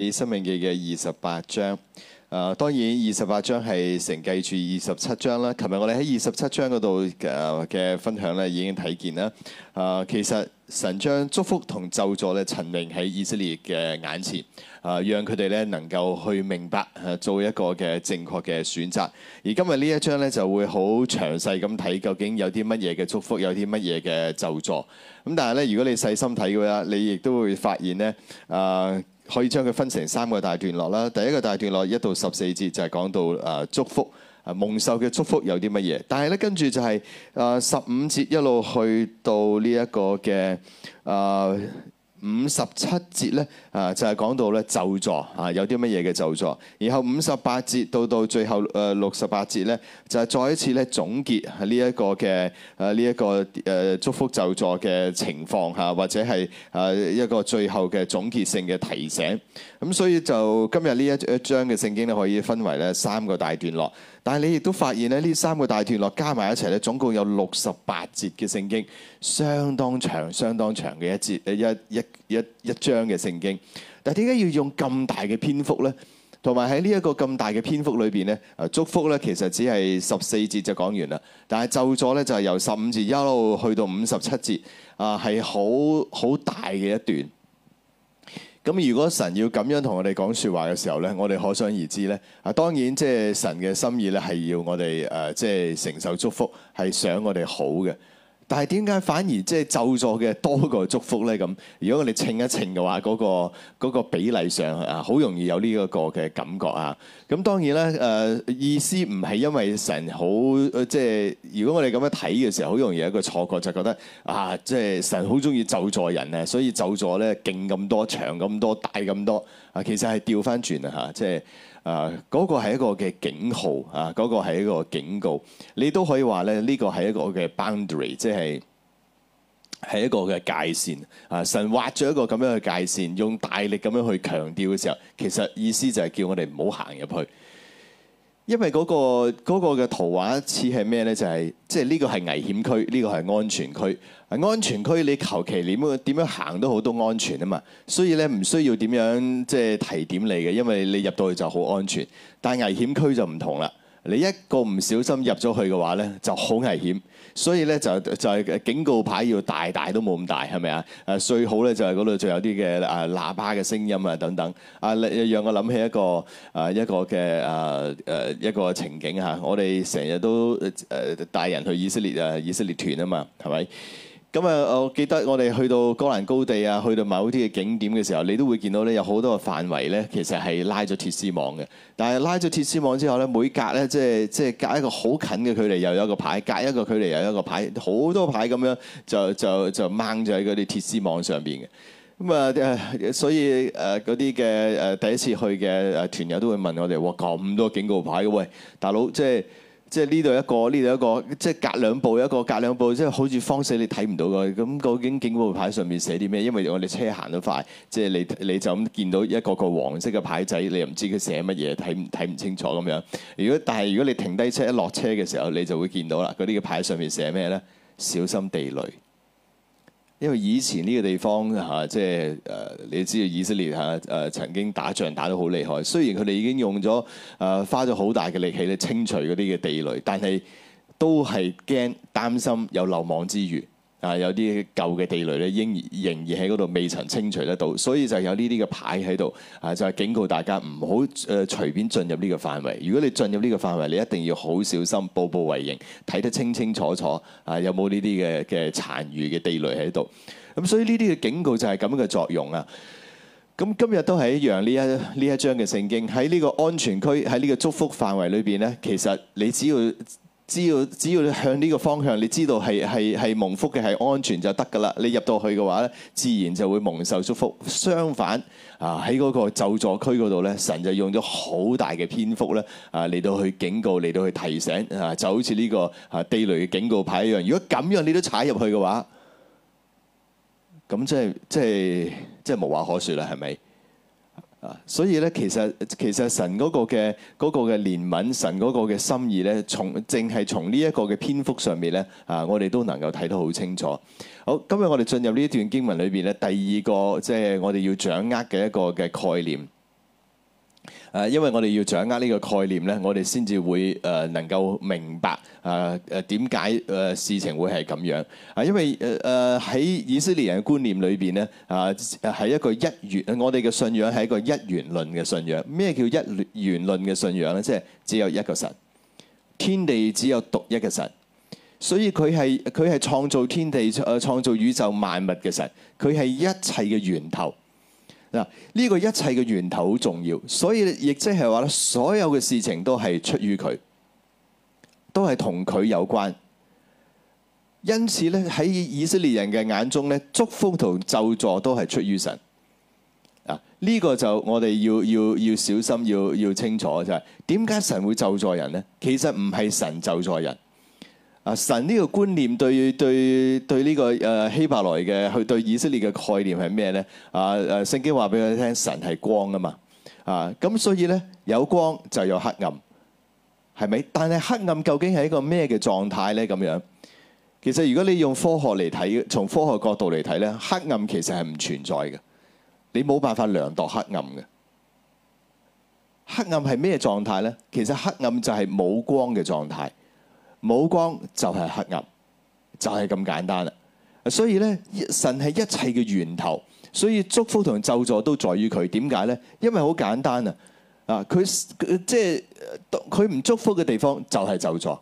以申命記嘅二十八章，誒、呃，當然二十八章係承繼住二十七章啦。琴日我哋喺二十七章嗰度誒嘅分享咧，已經睇見啦。誒、呃，其實神將祝福同咒詛咧，陳明喺以色列嘅眼前，誒、呃，讓佢哋咧能夠去明白，做一個嘅正確嘅選擇。而今日呢一章咧，就會好詳細咁睇，究竟有啲乜嘢嘅祝福，有啲乜嘢嘅咒詛。咁但係咧，如果你細心睇嘅話，你亦都會發現咧，誒、呃。可以將佢分成三個大段落啦。第一個大段落一到十四節就係，是，講到誒祝福誒蒙受嘅祝福有啲乜嘢，但係咧跟住就係，是、誒、呃、十五節一路去到呢一個嘅誒。呃五十七節咧，啊，就係講到咧咒詛，啊，有啲乜嘢嘅咒詛。然後五十八節到到最後誒六十八節咧，就係再一次咧總結呢一個嘅啊呢一個誒祝福咒詛嘅情況嚇，或者係啊一個最後嘅總結性嘅提醒。咁所以就今日呢一一章嘅聖經咧，可以分為咧三個大段落。但係你亦都發現咧，呢三個大段落加埋一齊咧，總共有六十八節嘅聖經，相當長，相當長嘅一節、一一一一章嘅聖經。但點解要用咁大嘅篇幅呢？同埋喺呢一個咁大嘅篇幅裏邊咧，啊祝福呢其實只係十四節就講完啦。但係就咗呢，就係由十五節一路去到五十七節啊，係好好大嘅一段。咁如果神要咁樣同我哋講説話嘅時候咧，我哋可想而知咧。當然，即神嘅心意咧，係要我哋即承受祝福，係想我哋好嘅。但係點解反而即係咒詛嘅多過祝福咧？咁如果我哋稱一稱嘅話，嗰、嗰個嗰個比例上啊，好容易有呢一個嘅感覺啊。咁當然啦，誒、呃、意思唔係因為神好，即係如果我哋咁樣睇嘅時候，好容易有一個錯覺，就覺得啊，即係神好鍾意咒詛人咧，所以咒詛咧勁咁多，長咁多，大咁多啊，其實係掉返轉啊，嚇即係。啊！嗰個係一個嘅警號啊！嗰個係一個警告，你都可以話咧，呢個係一個嘅 boundary，即係係一個嘅界線啊！神畫咗一個咁樣嘅界線，用大力咁樣去強調嘅時候，其實意思就係叫我哋唔好行入去。因為嗰個嗰個嘅圖畫似係咩咧？就係即係呢個係危險區，呢個係安全區。安全區你求其點樣點樣行都好都安全啊嘛。所以咧唔需要點樣即係提點你嘅，因為你入到去就好安全。但係危險區就唔同啦，你一個唔小心入咗去嘅話咧，就好危險。所以咧，就就係警告牌要大，大都冇咁大，係咪啊？誒最好咧就係嗰度仲有啲嘅誒喇叭嘅聲音啊等等啊，你讓我諗起一個誒一個嘅誒誒一個情景嚇。我哋成日都誒帶人去以色列啊，以色列團啊嘛，係咪？咁啊！我記得我哋去到戈蘭高地啊，去到某啲嘅景點嘅時候，你都會見到咧有好多個範圍咧，其實係拉咗鐵絲網嘅。但係拉咗鐵絲網之後咧，每隔咧即係即係隔一個好近嘅距離，又有一個牌；隔一個距離又有一個牌，好多牌咁樣就就就掹咗喺嗰啲鐵絲網上邊嘅。咁啊，所以誒嗰啲嘅誒第一次去嘅誒團友都會問我哋：哇！咁多警告牌嘅喂，大佬即係。就是即係呢度一個，呢度一個，即係隔兩步一個，隔兩步即係好似方死你睇唔到嘅。咁究竟警警報牌上面寫啲咩？因為我哋車行得快，即係你你就咁見到一個個黃色嘅牌仔，你又唔知佢寫乜嘢，睇唔睇唔清楚咁樣。如果但係如果你停低車一落車嘅時候，你就會見到啦。嗰啲嘅牌上面寫咩呢？小心地雷。因為以前呢個地方，啊，即係，你知道以色列，啊、曾經打仗打得好厲害，雖然佢哋已經用咗，啊、花咗好大嘅力氣嚟清除嗰啲嘅地雷，但係都係驚擔心有漏網之魚。啊，有啲舊嘅地雷咧，仍仍然喺嗰度未曾清除得到，所以就有呢啲嘅牌喺度，啊，就係警告大家唔好誒隨便進入呢個範圍。如果你進入呢個範圍，你一定要好小心，步步為營，睇得清清楚楚，啊有冇呢啲嘅嘅殘餘嘅地雷喺度。咁所以呢啲嘅警告就係咁嘅作用啦。咁今日都係一樣，呢一呢一章嘅聖經，喺呢個安全區，喺呢個祝福範圍裏邊呢，其實你只要，只要只要你向呢個方向，你知道係係係蒙福嘅，係安全就得㗎喇。你入到去嘅話咧，自然就會蒙受祝福。相反，啊喺嗰個咒詛區嗰度咧，神就用咗好大嘅篇幅咧，啊嚟到去警告，嚟到去提醒啊，就好似呢個啊地雷嘅警告牌一樣。如果咁樣你都踩入去嘅話，咁即係即係即係無話可説啦，係咪？啊，所以咧，其實其實神嗰個嘅嗰、嗰個嘅憐憫，神嗰個嘅心意咧，從淨係從呢一個嘅篇幅上面咧，啊，我哋都能夠睇得好清楚。好，今日我哋進入呢一段經文裏邊咧，第二個即係我哋要掌握嘅一個嘅概念。啊，因為我哋要掌握呢個概念咧，我哋先至會誒能夠明白啊誒點解誒事情會係咁樣啊。因為誒誒喺以色列人嘅觀念裏邊咧啊，係一個一元，我哋嘅信仰係一個一元論嘅信仰。咩叫一元論嘅信仰咧？即係只有一個神，天地只有獨一個神，所以佢係佢係創造天地誒創造宇宙萬物嘅神，佢係一切嘅源頭。嗱，呢個一切嘅源頭好重要，所以亦即係話咧，所有嘅事情都係出於佢，都係同佢有關。因此咧，喺以色列人嘅眼中咧，祝福同咒詛都係出於神。啊，呢個就我哋要要要小心，要要清楚就係點解神會咒詛人咧？其實唔係神咒詛人。神呢個觀念對對對呢個誒希伯來嘅佢對以色列嘅概念係咩呢？啊誒聖經話俾佢聽，神係光啊嘛！啊咁所以呢，有光就有黑暗，係咪？但係黑暗究竟係一個咩嘅狀態呢？咁樣其實如果你用科學嚟睇，從科學角度嚟睇呢，黑暗其實係唔存在嘅，你冇辦法量度黑暗嘅。黑暗係咩狀態呢？其實黑暗就係冇光嘅狀態。冇光就係黑暗，就係咁簡單啦。所以咧，神係一切嘅源頭，所以祝福同咒詛都在於佢。點解咧？因為好簡單啊！啊，佢即係佢唔祝福嘅地方就係咒詛。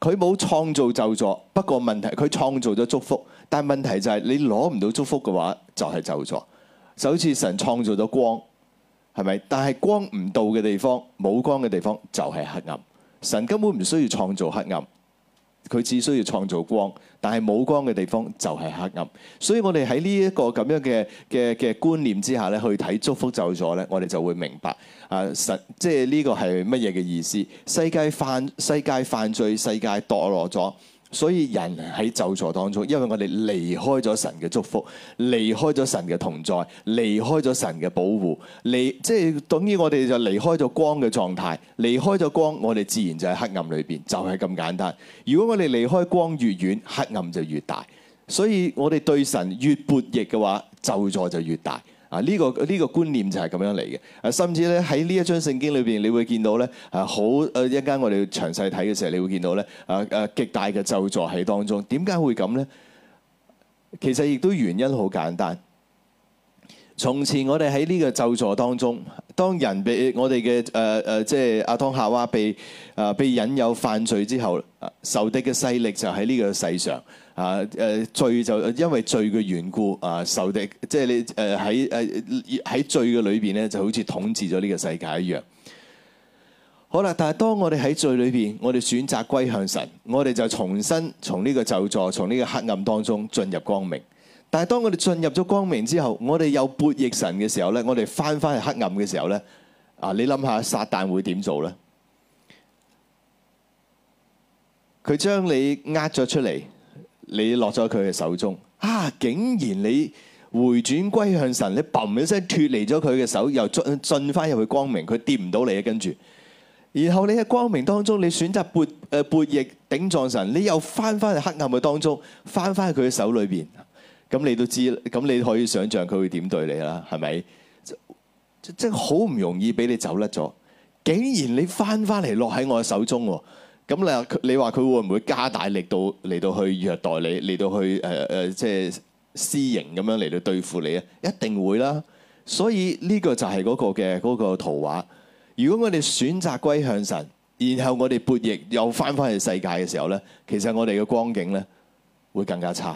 佢冇創造咒詛，不過問題佢創造咗祝福。但係問題就係你攞唔到祝福嘅話就，就係咒詛。就好似神創造咗光，係咪？但係光唔到嘅地方，冇光嘅地方就係黑暗。神根本唔需要創造黑暗，佢只需要創造光。但係冇光嘅地方就係黑暗。所以我哋喺呢一個咁樣嘅嘅嘅觀念之下咧，去睇祝福咒詛咧，我哋就會明白啊神即係呢個係乜嘢嘅意思？世界犯世界犯罪，世界墮落咗。所以人喺咒詛當中，因為我哋離開咗神嘅祝福，離開咗神嘅同在，離開咗神嘅保護，離即係等於我哋就離開咗光嘅狀態，離開咗光，我哋自然就係黑暗裏邊，就係、是、咁簡單。如果我哋離開光越遠，黑暗就越大。所以我哋對神越悖逆嘅話，咒詛就越大。啊！呢、這個呢、這個觀念就係咁樣嚟嘅。甚至咧喺呢一章聖經裏邊，你會見到咧，啊好誒一陣間我哋詳細睇嘅時候，你會見到咧，啊誒極大嘅咒詛喺當中。點解會咁咧？其實亦都原因好簡單。從前我哋喺呢個咒詛當中，當人被我哋嘅誒誒，即係阿當夏娃被誒、呃、被引誘犯罪之後，受敵的嘅勢力就喺呢個世上。啊！誒、呃、罪就因為罪嘅緣故啊，受敵即係你誒喺誒喺罪嘅裏邊咧，就，是呃呃、就好似統治咗呢個世界一樣。好啦，但係當我哋喺罪裏邊，我哋選擇歸向神，我哋就重新從呢個咒詛，從呢個黑暗當中進入光明。但係當我哋進入咗光明之後，我哋有背逆神嘅時候咧，我哋翻返去黑暗嘅時候咧，啊！你諗下撒旦會點做咧？佢將你呃咗出嚟。你落咗佢嘅手中，啊！竟然你回轉歸向神，你砰一聲脫離咗佢嘅手，又進進翻入去光明，佢掂唔到你啊！跟住，然後你喺光明當中，你選擇悖誒悖逆頂撞神，你又翻翻去黑暗嘅當中，翻翻去佢嘅手裏邊，咁你都知，咁你可以想象佢會點對你啦，係咪？即即好唔容易俾你走甩咗，竟然你翻翻嚟落喺我嘅手中。咁你話佢你話佢會唔會加大力度嚟到去虐待你，嚟到去誒誒、呃呃、即係私刑咁樣嚟到對付你啊？一定會啦。所以呢、這個就係嗰個嘅嗰、嗰個圖畫。如果我哋選擇歸向神，然後我哋背逆又翻翻去世界嘅時候咧，其實我哋嘅光景咧會更加差，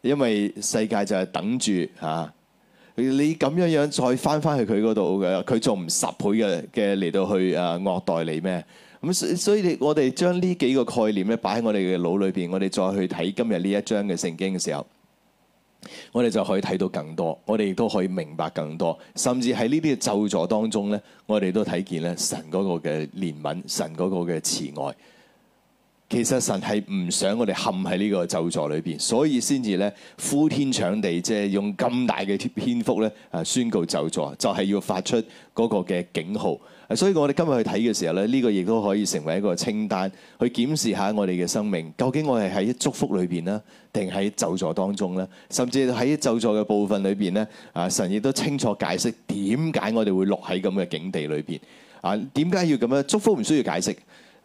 因為世界就係等住嚇、啊、你咁樣樣再翻翻去佢嗰度嘅，佢仲唔十倍嘅嘅嚟到去誒惡待你咩？咁所以，我哋將呢幾個概念咧擺喺我哋嘅腦裏邊，我哋再去睇今日呢一章嘅聖經嘅時候，我哋就可以睇到更多，我哋亦都可以明白更多，甚至喺呢啲嘅咒詛當中咧，我哋都睇見咧神嗰個嘅憐憫，神嗰個嘅慈愛。其實神係唔想我哋陷喺呢個咒詛裏邊，所以先至咧呼天搶地，即係用咁大嘅篇幅咧啊宣告咒詛，就係、是、要發出嗰個嘅警號。所以我哋今日去睇嘅時候咧，呢、這個亦都可以成為一個清單，去檢視下我哋嘅生命，究竟我哋喺祝福裏邊啦，定喺咒詛當中咧？甚至喺咒詛嘅部分裏邊咧，啊神亦都清楚解釋點解我哋會落喺咁嘅境地裏邊啊？點解要咁樣？祝福唔需要解釋。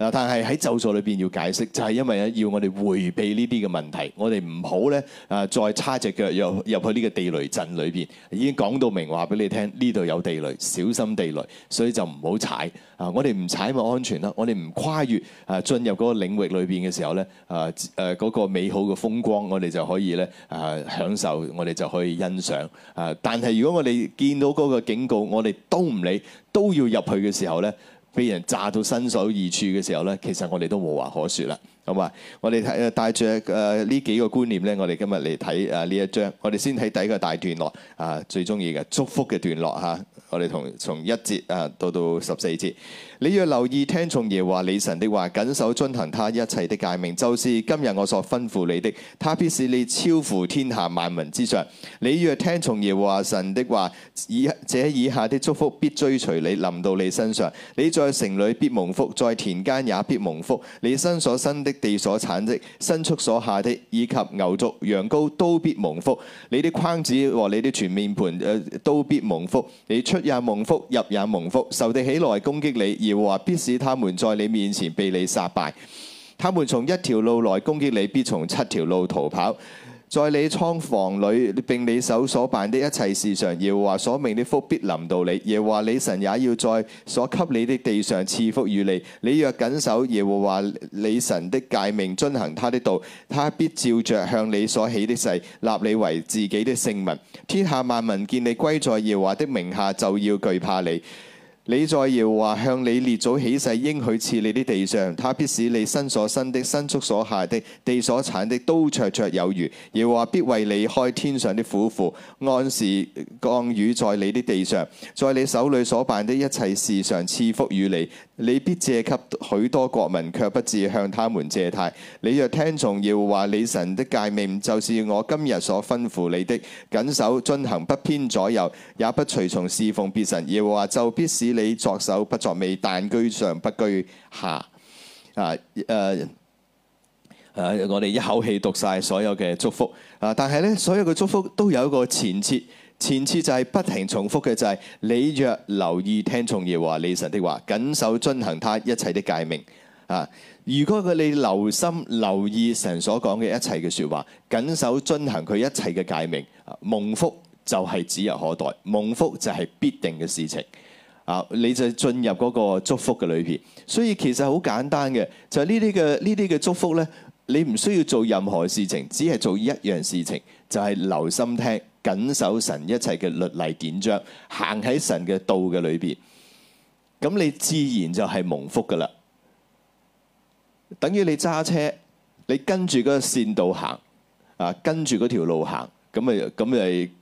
但係喺咒詛裏邊要解釋，就係、是、因為啊，要我哋迴避呢啲嘅問題，我哋唔好咧啊，再叉隻腳入入去呢個地雷陣裏邊。已經講到明話俾你聽，呢度有地雷，小心地雷，所以就唔好踩啊！我哋唔踩咪安全啦。我哋唔跨越啊，進入嗰個領域裏邊嘅時候咧啊誒，嗰、那個美好嘅風光，我哋就可以咧啊享受，我哋就可以欣賞啊！但係如果我哋見到嗰個警告，我哋都唔理，都要入去嘅時候咧，被人炸到身首異處嘅時候呢，其實我哋都無話可説啦。好嘛，我哋睇帶住誒呢幾個觀念呢，我哋今日嚟睇誒呢一章。我哋先睇第一個大段落啊，最中意嘅祝福嘅段落嚇。我哋同從一節啊到到十四節。你若留意聽從耶話，你神的話，謹守遵行他一切的誡命。就是今日我所吩咐你的，他必使你超乎天下萬民之上。你若聽從耶話神的話，以這以下的祝福必追隨你臨到你身上。你在城裏必蒙福，在田間也必蒙福。你身所生的地所產的，牲畜所下的，以及牛族羊羔都必蒙福。你的框子和你的全麵盤都必蒙福。你出出也蒙福，入也蒙福，仇敵起來攻擊你，耶和華必使他們在你面前被你殺敗。他們從一條路來攻擊你，必從七條路逃跑。在你倉房裏並你手所辦的一切事上，耶和華所命的福必臨到你。耶和華你神也要在所給你的地上賜福與你。你若謹守耶和華你神的誡命，遵行他的道，他必照着向你所起的誓，立你為自己的聖民。天下萬民見你歸在耶和華的名下，就要懼怕你。你在耶和華向你列祖起誓，應許賜你啲地上，他必使你身所生的、牲畜所下的、地所產的都綽綽有餘。耶和華必為你開天上的府庫，按時降雨在你啲地上，在你手裏所辦的一切事上賜福與你。你必借給許多國民，卻不至向他們借貸。你若聽從耶和華，你神的誡命就是我今日所吩咐你的，謹守遵行不偏左右，也不隨從侍奉別神。耶和華就必使你作首不作尾，但居上不居下。啊，誒、呃，誒、啊，我哋一口氣讀晒所有嘅祝福。啊，但係咧，所有嘅祝福都有一個前設。前次就係不停重複嘅就係、是，你若留意聽從耶和華你神的話，謹守遵行他一切的誡命啊！如果佢你留心留意神所講嘅一切嘅説話，謹守遵行佢一切嘅誡命啊，蒙福就係指日可待，蒙福就係必定嘅事情啊！你就進入嗰個祝福嘅裏面，所以其實好簡單嘅，就係呢啲嘅呢啲嘅祝福呢，你唔需要做任何事情，只係做一樣事情，就係、是、留心聽。遵守神一切嘅律例典章，行喺神嘅道嘅裏邊，咁你自然就係蒙福噶啦。等於你揸車，你跟住嗰個線道行，啊，跟住嗰條路行，咁咪咁咪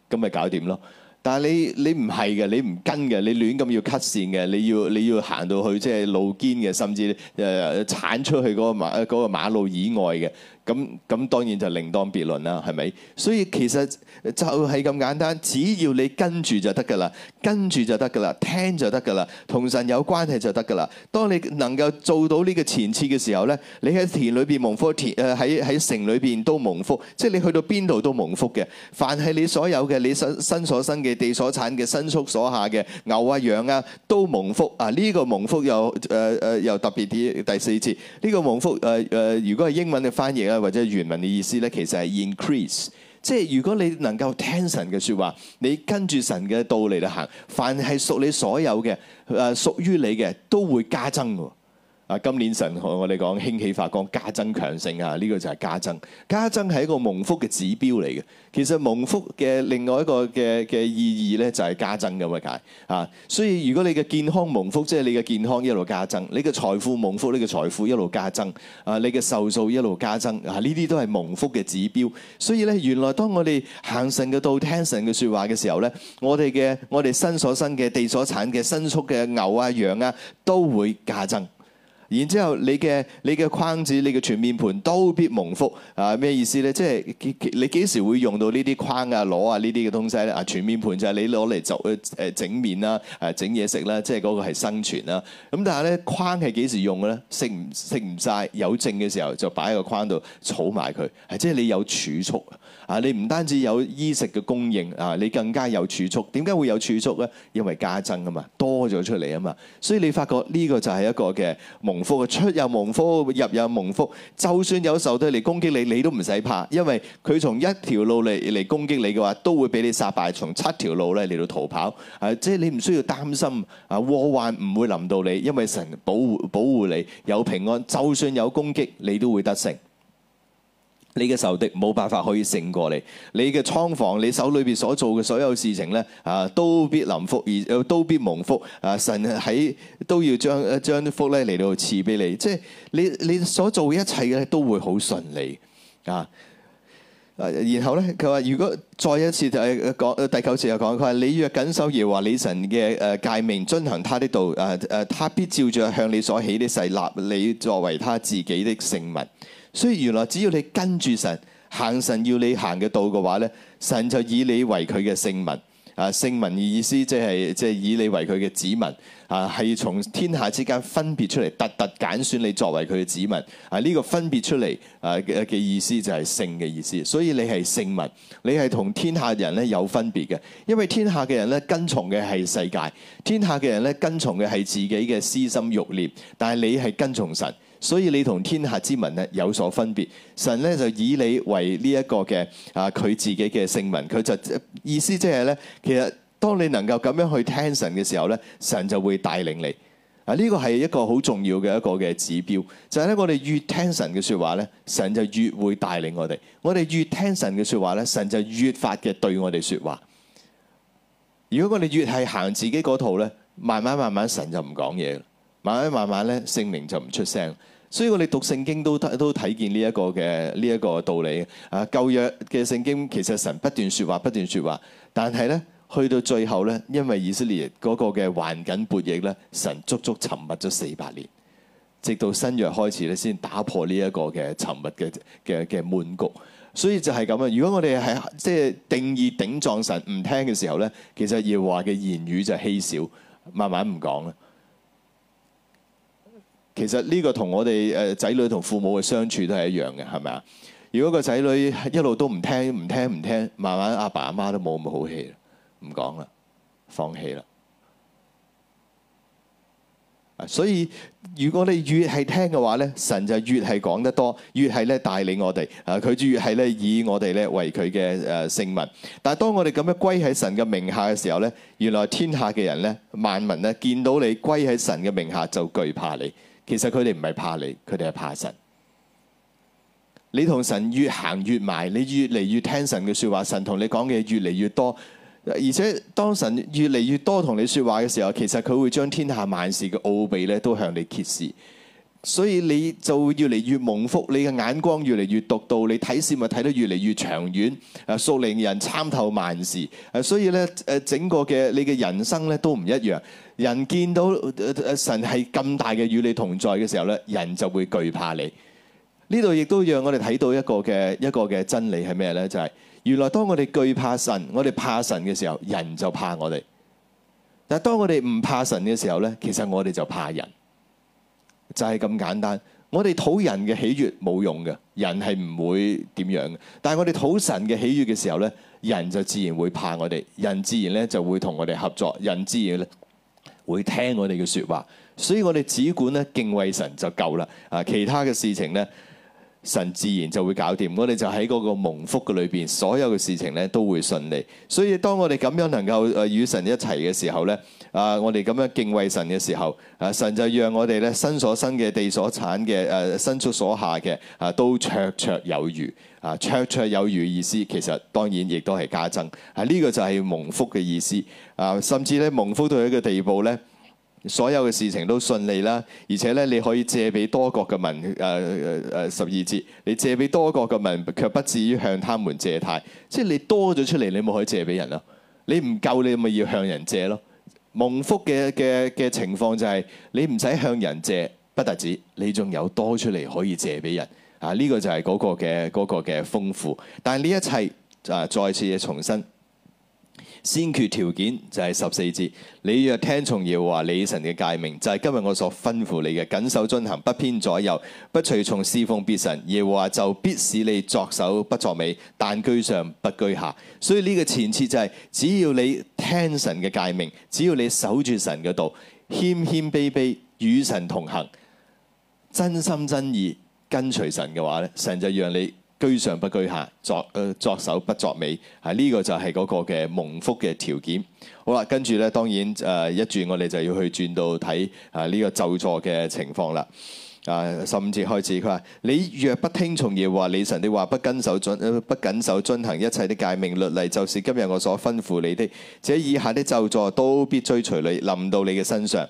咁咪搞掂咯。但係你你唔係嘅，你唔跟嘅，你亂咁要 cut 線嘅，你要你要行到去即係路肩嘅，甚至誒鏟、呃、出去嗰個馬、嗰個馬路以外嘅。咁咁當然就另當別論啦，係咪？所以其實就係咁簡單，只要你跟住就得㗎喇，跟住就得㗎喇，聽就得㗎喇，同神有關係就得㗎喇。當你能夠做到呢個前設嘅時候咧，你喺田裏邊蒙福，田誒喺喺城裏邊都、啊啊、都蒙福，即係你去到邊度都蒙福嘅。凡係你所有嘅，你身所生嘅，地所產嘅，牲畜所下嘅，牛啊、羊啊都蒙福啊！呢、這個蒙福又誒誒、呃呃、又特別啲第四節呢、這個蒙福誒誒、呃呃，如果係英文嘅翻譯啊。或者原文嘅意思咧，其實係 increase，即係如果你能夠聽神嘅說話，你跟住神嘅道理嚟行，凡係屬你所有嘅，誒、呃，屬於你嘅都會加增嘅。今年神同我哋講興起發光加增強盛啊！呢、這個就係加增，加增係一個蒙福嘅指標嚟嘅。其實蒙福嘅另外一個嘅意義呢，就係加增咁嘅解啊。所以如果你嘅健康蒙福，即係你嘅健康一路加增；你嘅財富蒙福，你嘅財富一路加增啊。你嘅壽數一路加增啊，呢啲都係蒙福嘅指標。所以呢，原來當我哋行神嘅道、聽神嘅説話嘅時候呢，我哋嘅我哋身所生嘅、地所產嘅、牲畜嘅牛啊、羊啊，都會加增。然之後你，你嘅你嘅筐子、你嘅摶麵盆都必蒙福啊！咩意思咧？即係你幾時會用到呢啲筐啊、攞啊呢啲嘅東西咧、呃？啊，摶麵盆就係你攞嚟做誒整麵啦、誒整嘢食啦，即係嗰個係生存啦。咁、嗯、但係咧，筐係幾時用嘅咧？食唔食唔晒，有剩嘅時候就擺喺個筐度儲埋佢，係即係你有儲蓄。啊！你唔單止有衣食嘅供應，啊，你更加有儲蓄。點解會有儲蓄呢？因為加增啊嘛，多咗出嚟啊嘛。所以你發覺呢個就係一個嘅蒙福，出有蒙福，入有蒙福。就算有敵隊嚟攻擊你，你都唔使怕，因為佢從一條路嚟攻擊你嘅話，都會俾你殺敗。從七條路咧嚟到逃跑，啊，即係你唔需要擔心啊，禍患唔會臨到你，因為神保護保護你有平安。就算有攻擊，你都會得勝。你嘅仇敵冇辦法可以勝過你，你嘅倉房，你手裏邊所做嘅所有事情咧，啊,都必臨福而都必蒙福。啊，神喺都要將將啲福咧嚟到賜俾你，即係你你所做一切嘅都會好順利啊。然後咧，佢話如果再一次就係講第九次又講，佢話你若謹守耶和華你神嘅誒誡命，遵行他的道，啊啊，祂必照着向你所起的誓立你作為他自己的聖物聖民。」所以原來，只要你跟住神行，神要你行嘅道嘅話咧，神就以你為佢嘅聖民。啊，聖民嘅意思即係即係以你為佢嘅子民。啊，係從天下之間分別出嚟，特特揀選你作為佢嘅子民。啊，呢個分別出嚟啊嘅嘅意思就係聖嘅意思。所以你係聖民，你係同天下人咧有分別嘅，因為天下嘅人咧跟從嘅係世界，天下嘅人咧跟從嘅係自己嘅私心欲念，但係你係跟從神。所以你同天下之民咧有所分別，神咧就以你為呢一個嘅啊佢自己嘅聖民，佢就意思即係咧，其實當你能夠咁樣去聽神嘅時候咧，神就會帶領你啊，呢個係一個好重要嘅一個嘅指標，就係咧我哋越聽神嘅說話咧，神就越會帶領我哋；我哋越聽神嘅說話咧，神就越發嘅對我哋說話。如果我哋越係行自己嗰套咧，慢慢慢慢神就唔講嘢。慢慢慢慢咧，聖靈就唔出聲，所以我哋讀聖經都睇都睇見呢一個嘅呢一個道理啊。舊約嘅聖經其實神不斷説話，不斷説話，但係咧去到最後咧，因為以色列嗰個嘅頑梗悖逆咧，神足足沉默咗四百年，直到新約開始咧先打破呢一個嘅沉默嘅嘅嘅滿局。所以就係咁啊！如果我哋係即係定義頂撞神唔聽嘅時候咧，其實耶和華嘅言語就稀少，慢慢唔講啦。其實呢個同我哋誒仔女同父母嘅相處都係一樣嘅，係咪啊？如果個仔女一路都唔聽、唔聽、唔聽、聽，慢慢阿爸阿媽都冇咁好氣啦，唔講啦，放棄啦。所以如果你越係聽嘅話咧，神就越係講得多，越係咧帶領我哋啊。佢就越係咧以我哋咧為佢嘅誒聖民。但係當我哋咁樣歸喺神嘅名下嘅時候咧，原來天下嘅人咧萬民咧見到你歸喺神嘅名下就懼怕你。其實佢哋唔係怕你，佢哋係怕神。你同神越行越埋，你越嚟越聽神嘅說話，神同你講嘅嘢，越嚟越多，而且當神越嚟越多同你說話嘅時候，其實佢會將天下萬事嘅奧秘咧都向你揭示。所以你就會越嚟越蒙福，你嘅眼光越嚟越獨到，你睇事物睇得越嚟越長遠，誒，熟令人參透萬事。所以咧，整個嘅你嘅人生咧都唔一樣。人見到神係咁大嘅與你同在嘅時候咧，人就會懼怕你。呢度亦都讓我哋睇到一個嘅一個嘅真理係咩呢？就係原來當我哋懼怕神，我哋怕神嘅時候，人就怕我哋。但係當我哋唔怕神嘅時候呢，其實我哋就怕人，就係咁簡單。我哋討人嘅喜悦冇用嘅，人係唔會點樣嘅。但係我哋討神嘅喜悦嘅時候呢，人就自然會怕我哋，人自然咧就會同我哋合作，人自然咧，會聽我哋嘅說話，所以我哋只管咧敬畏神就夠啦。啊，其他嘅事情咧，神自然就會搞掂。我哋就喺嗰個蒙福嘅裏邊，所有嘅事情咧都會順利。所以當我哋咁樣能夠誒與神一齊嘅時候咧，啊，我哋咁樣敬畏神嘅時候，啊，神就讓我哋咧身所生嘅地所產嘅誒牲畜所下嘅，啊都綽綽有餘。啊，綽綽有餘意思，其實當然亦都係加增。啊，呢個就係蒙福嘅意思。啊，甚至咧，蒙福到一個地步咧，所有嘅事情都順利啦。而且咧，你可以借俾多國嘅民。誒、呃、誒、呃，十二節，你借俾多國嘅民，卻不至於向他們借貸。即係你多咗出嚟，你咪可以借俾人咯。你唔夠，你咪要向人借咯。蒙福嘅嘅嘅情況就係、是、你唔使向人借，不單止，你仲有多出嚟可以借俾人。啊！呢、這個就係嗰個嘅嗰嘅豐富，但係呢一切啊，再次嘅重申先決條件就係十四節。你若聽從耶和華你神嘅誡命，就係、是、今日我所吩咐你嘅，謹守遵行，不偏左右，不隨從事奉別神耶和華就必使你作首，不作尾，但居上不居下。所以呢個前設就係、是、只要你聽神嘅誡命，只要你守住神嘅道，謙謙卑卑與神同行，真心真意。跟隨神嘅話咧，神就讓你居上不居下，作呃作首不作尾，啊呢、這個就係嗰個嘅蒙福嘅條件。好啦，跟住咧，當然誒、呃、一轉我哋就要去轉到睇啊呢、這個咒詛嘅情況啦。啊十五節開始，佢話你若不聽從耶和華，你神的話不謹守遵不謹守遵行一切的誡命律例，就是今日我所吩咐你的，這以下的咒詛都必追隨你臨到你嘅身上。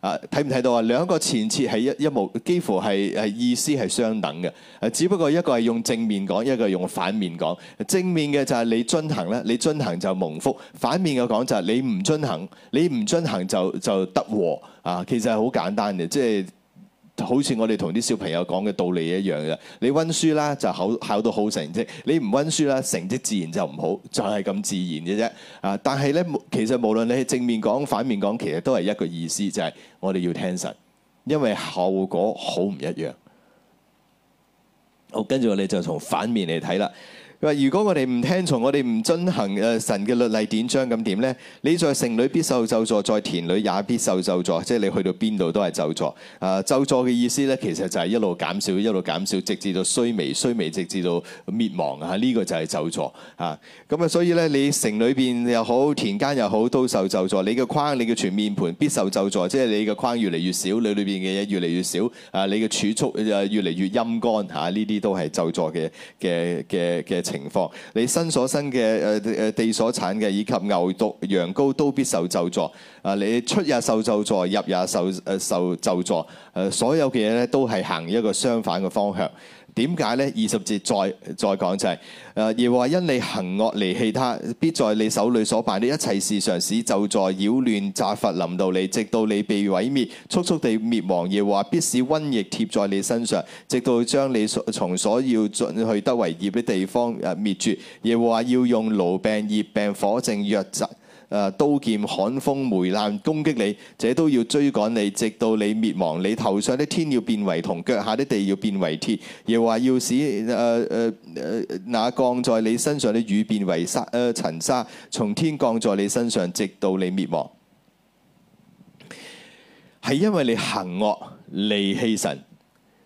啊，睇唔睇到啊？兩個前提係一一模幾乎係意思係相等嘅，只不過一個係用正面講，一個係用反面講。正面嘅就係你遵行咧，你遵行就蒙福；反面嘅講就係你唔遵行，你唔遵行就就得禍。啊，其實係好簡單嘅，即係。好似我哋同啲小朋友講嘅道理一樣嘅，你温書啦就考考到好成績，你唔温書啦成績自然就唔好，就係咁自然嘅啫。啊！但係咧，其實無論你係正面講、反面講，其實都係一個意思，就係我哋要聽神，因為後果好唔一樣。好，跟住我哋就從反面嚟睇啦。佢話：如果我哋唔聽從，我哋唔遵行誒神嘅律例典章，咁點呢？你在城裏必受咒詛，在田裏也必受咒詛。即係你去到邊度都係咒詛。啊，咒詛嘅意思呢，其實就係一路減少，一路減少，直至到衰微，衰微，直至到滅亡啊！呢個就係咒詛。啊。咁、這個、啊，所以呢，你城裏邊又好，田間又好，都受咒詛。你嘅筐，你嘅摶麵盆，必受咒詛。即係你嘅筐越嚟越少，裏裏邊嘅嘢越嚟越少啊！你嘅儲蓄越越啊，越嚟越陰乾啊！呢啲都係咒詛嘅嘅嘅嘅。情況，你身所生嘅誒誒，地所產嘅，以及牛犢羊羔都必受咒詛。啊，你出也受咒詛，入也受誒受咒詛。誒，所有嘅嘢咧都係行一個相反嘅方向。點解呢？二十節再再講就係、是，誒，耶和華因你行惡離棄他，必在你手裏所辦的一切事上使咒詛、擾亂、責罰臨到你，直到你被毀滅，速速地滅亡。耶和華必使瘟疫貼在你身上，直到將你從所要進去得為業的地方誒滅絕。耶和華要用癆病、熱病、火症、瘧疾。刀劍、旱風、霉爛攻擊你，這都要追趕你，直到你滅亡。你頭上的天要變為銅，腳下的地要變為鐵。又話要使誒誒誒那降在你身上的雨變為沙誒、呃、塵沙，從天降在你身上，直到你滅亡。係因為你行惡離棄神。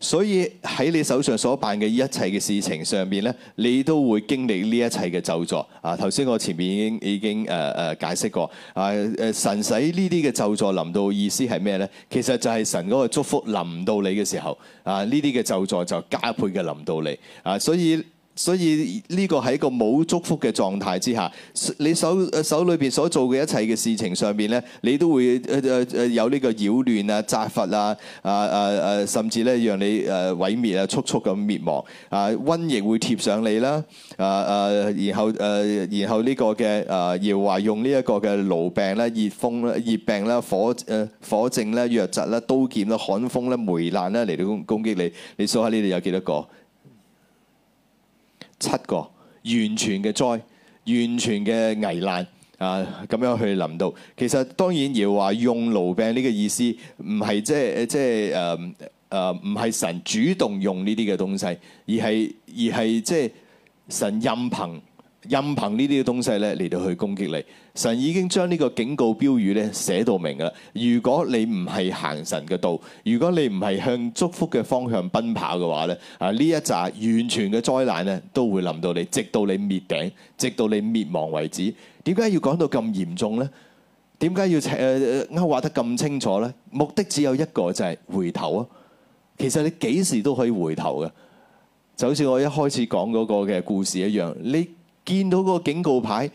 所以喺你手上所辦嘅一切嘅事情上面咧，你都會經歷呢一切嘅咒詛。啊，頭先我前面已經已經誒誒、呃、解釋過。啊誒，神使呢啲嘅咒詛臨到嘅意思係咩咧？其實就係神嗰個祝福臨到你嘅時候，啊呢啲嘅咒詛就加倍嘅臨到你。啊，所以。所以呢個喺個冇祝福嘅狀態之下，你手誒手裏邊所做嘅一切嘅事情上邊咧，你都會誒誒誒有呢個擾亂啊、責罰啊、啊啊啊甚至咧讓你誒毀滅啊、速速咁滅亡啊、瘟疫會貼上你啦啊啊，然後誒、啊、然後呢個嘅啊耶和華用呢一個嘅癆病啦、熱風啦、熱病啦、火誒火症啦、瘧疾啦、刀劍啦、旱風咧、霉爛咧嚟到攻攻擊你，你數下呢度有幾多個？七個完全嘅災，完全嘅危難啊！咁樣去臨到，其實當然要話用癆病呢個意思，唔係即係即係誒誒，唔係神主動用呢啲嘅東西，而係而係即係神任憑。任憑呢啲嘅東西咧嚟到去攻擊你，神已經將呢個警告標語咧寫到明噶啦。如果你唔係行神嘅道，如果你唔係向祝福嘅方向奔跑嘅話咧，啊呢一紮完全嘅災難咧都會臨到你，直到你滅頂，直到你滅亡為止。點解要講到咁嚴重呢？點解要誒勾畫得咁清楚呢？目的只有一個，就係回頭啊！其實你幾時都可以回頭嘅，就好似我一開始講嗰個嘅故事一樣，你。見到個警告牌，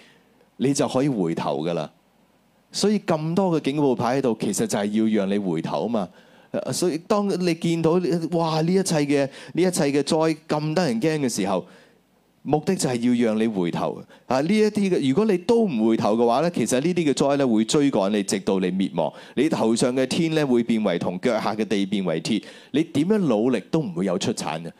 你就可以回頭㗎喇。所以咁多嘅警告牌喺度，其實就係要讓你回頭啊嘛。所以當你見到哇呢一切嘅呢一切嘅災咁得人驚嘅時候，目的就係要讓你回頭啊。呢一啲嘅，如果你都唔回頭嘅話呢，其實呢啲嘅災咧會追趕你，直到你滅亡。你頭上嘅天咧會變為銅，腳下嘅地變為鐵，你點樣努力都唔會有出產嘅。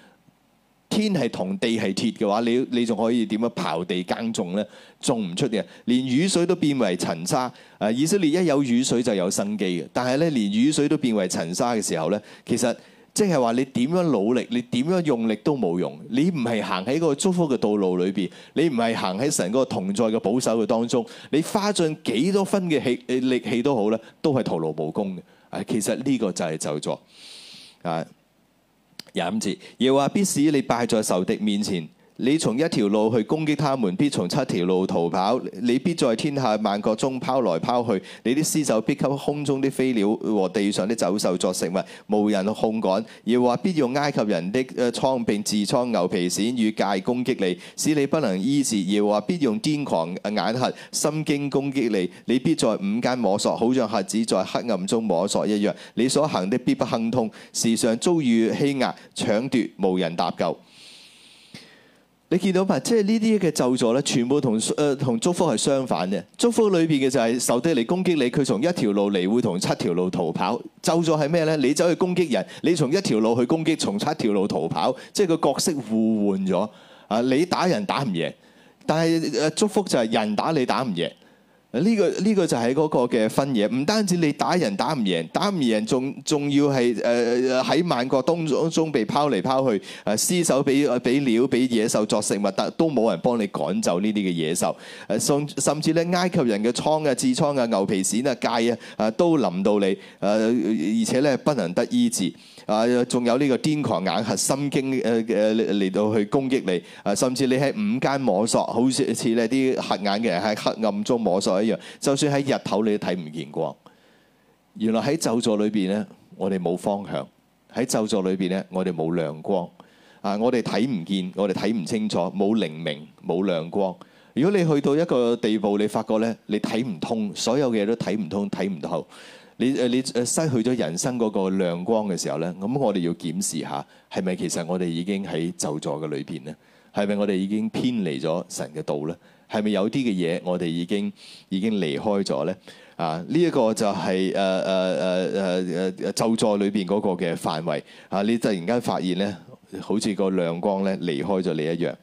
天係銅地係鐵嘅話，你你仲可以點樣刨地耕種呢？種唔出嘅，連雨水都變為塵沙。以色列一有雨水就有生機嘅，但係咧，連雨水都變為塵沙嘅時候呢，其實即係話你點樣努力，你點樣用力都冇用。你唔係行喺一個祝福嘅道路裏邊，你唔係行喺神嗰個同在嘅保守嘅當中，你花盡幾多分嘅氣力氣都好呢，都係徒勞無功嘅。其實呢個就係就咒詛。25節，耶和華必使你敗在仇敵面前。你從一條路去攻擊他們，必從七條路逃跑；你必在天下萬國中拋來拋去。你啲屍首必給空中的飛鳥和地上的走獸作食物，無人控趕。要話必用埃及人的瘡並、痔瘡、牛皮癬與疥攻擊你，使你不能醫治。要話必用癲狂眼瞎，心驚攻擊你。你必在午間摸索，好像瞎子在黑暗中摸索一樣。你所行的必不亨通，時常遭遇欺壓、搶奪，無人搭救。你見到嘛？即係呢啲嘅咒詛咧，全部同祝福係相反嘅。祝福裏面嘅就係仇敵嚟攻擊你，佢從一條路嚟會從七條路逃跑。咒詛係咩呢？你走去攻擊人，你從一條路去攻擊，從七條路逃跑，即係個角色互換咗啊！你打人打唔贏，但係祝福就係人打你打唔贏。呢、這個呢、這個就係嗰個嘅分野，唔單止你打人打唔贏，打唔贏仲仲要係誒喺萬國當中被拋嚟拋去，誒屍首俾俾鳥、俾野獸作食物，但都冇人幫你趕走呢啲嘅野獸、呃，甚甚至咧埃及人嘅瘡啊、痔瘡啊、牛皮癬啊、疥啊，啊、呃、都臨到你，誒、呃、而且咧不能得醫治。啊，仲有呢個癲狂眼瞎心驚誒誒嚟到去攻擊你啊！甚至你喺午間摸索，好似似咧啲瞎眼嘅人喺黑暗中摸索一樣。就算喺日頭，你都睇唔見光。原來喺咒詛裏邊咧，我哋冇方向；喺咒詛裏邊咧，我哋冇亮光啊！我哋睇唔見，我哋睇唔清楚，冇靈明，冇亮光。如果你去到一個地步，你發覺咧，你睇唔通，所有嘅嘢都睇唔通，睇唔透。你誒你誒失去咗人生嗰個亮光嘅時候咧，咁我哋要檢視下，係咪其實我哋已經喺咒詛嘅裏邊咧？係咪我哋已經偏離咗神嘅道咧？係咪有啲嘅嘢我哋已經已經離開咗咧？啊，呢一個就係誒誒誒誒誒咒詛裏邊嗰個嘅範圍啊！你突然間發現咧，好似個亮光咧離開咗你一樣。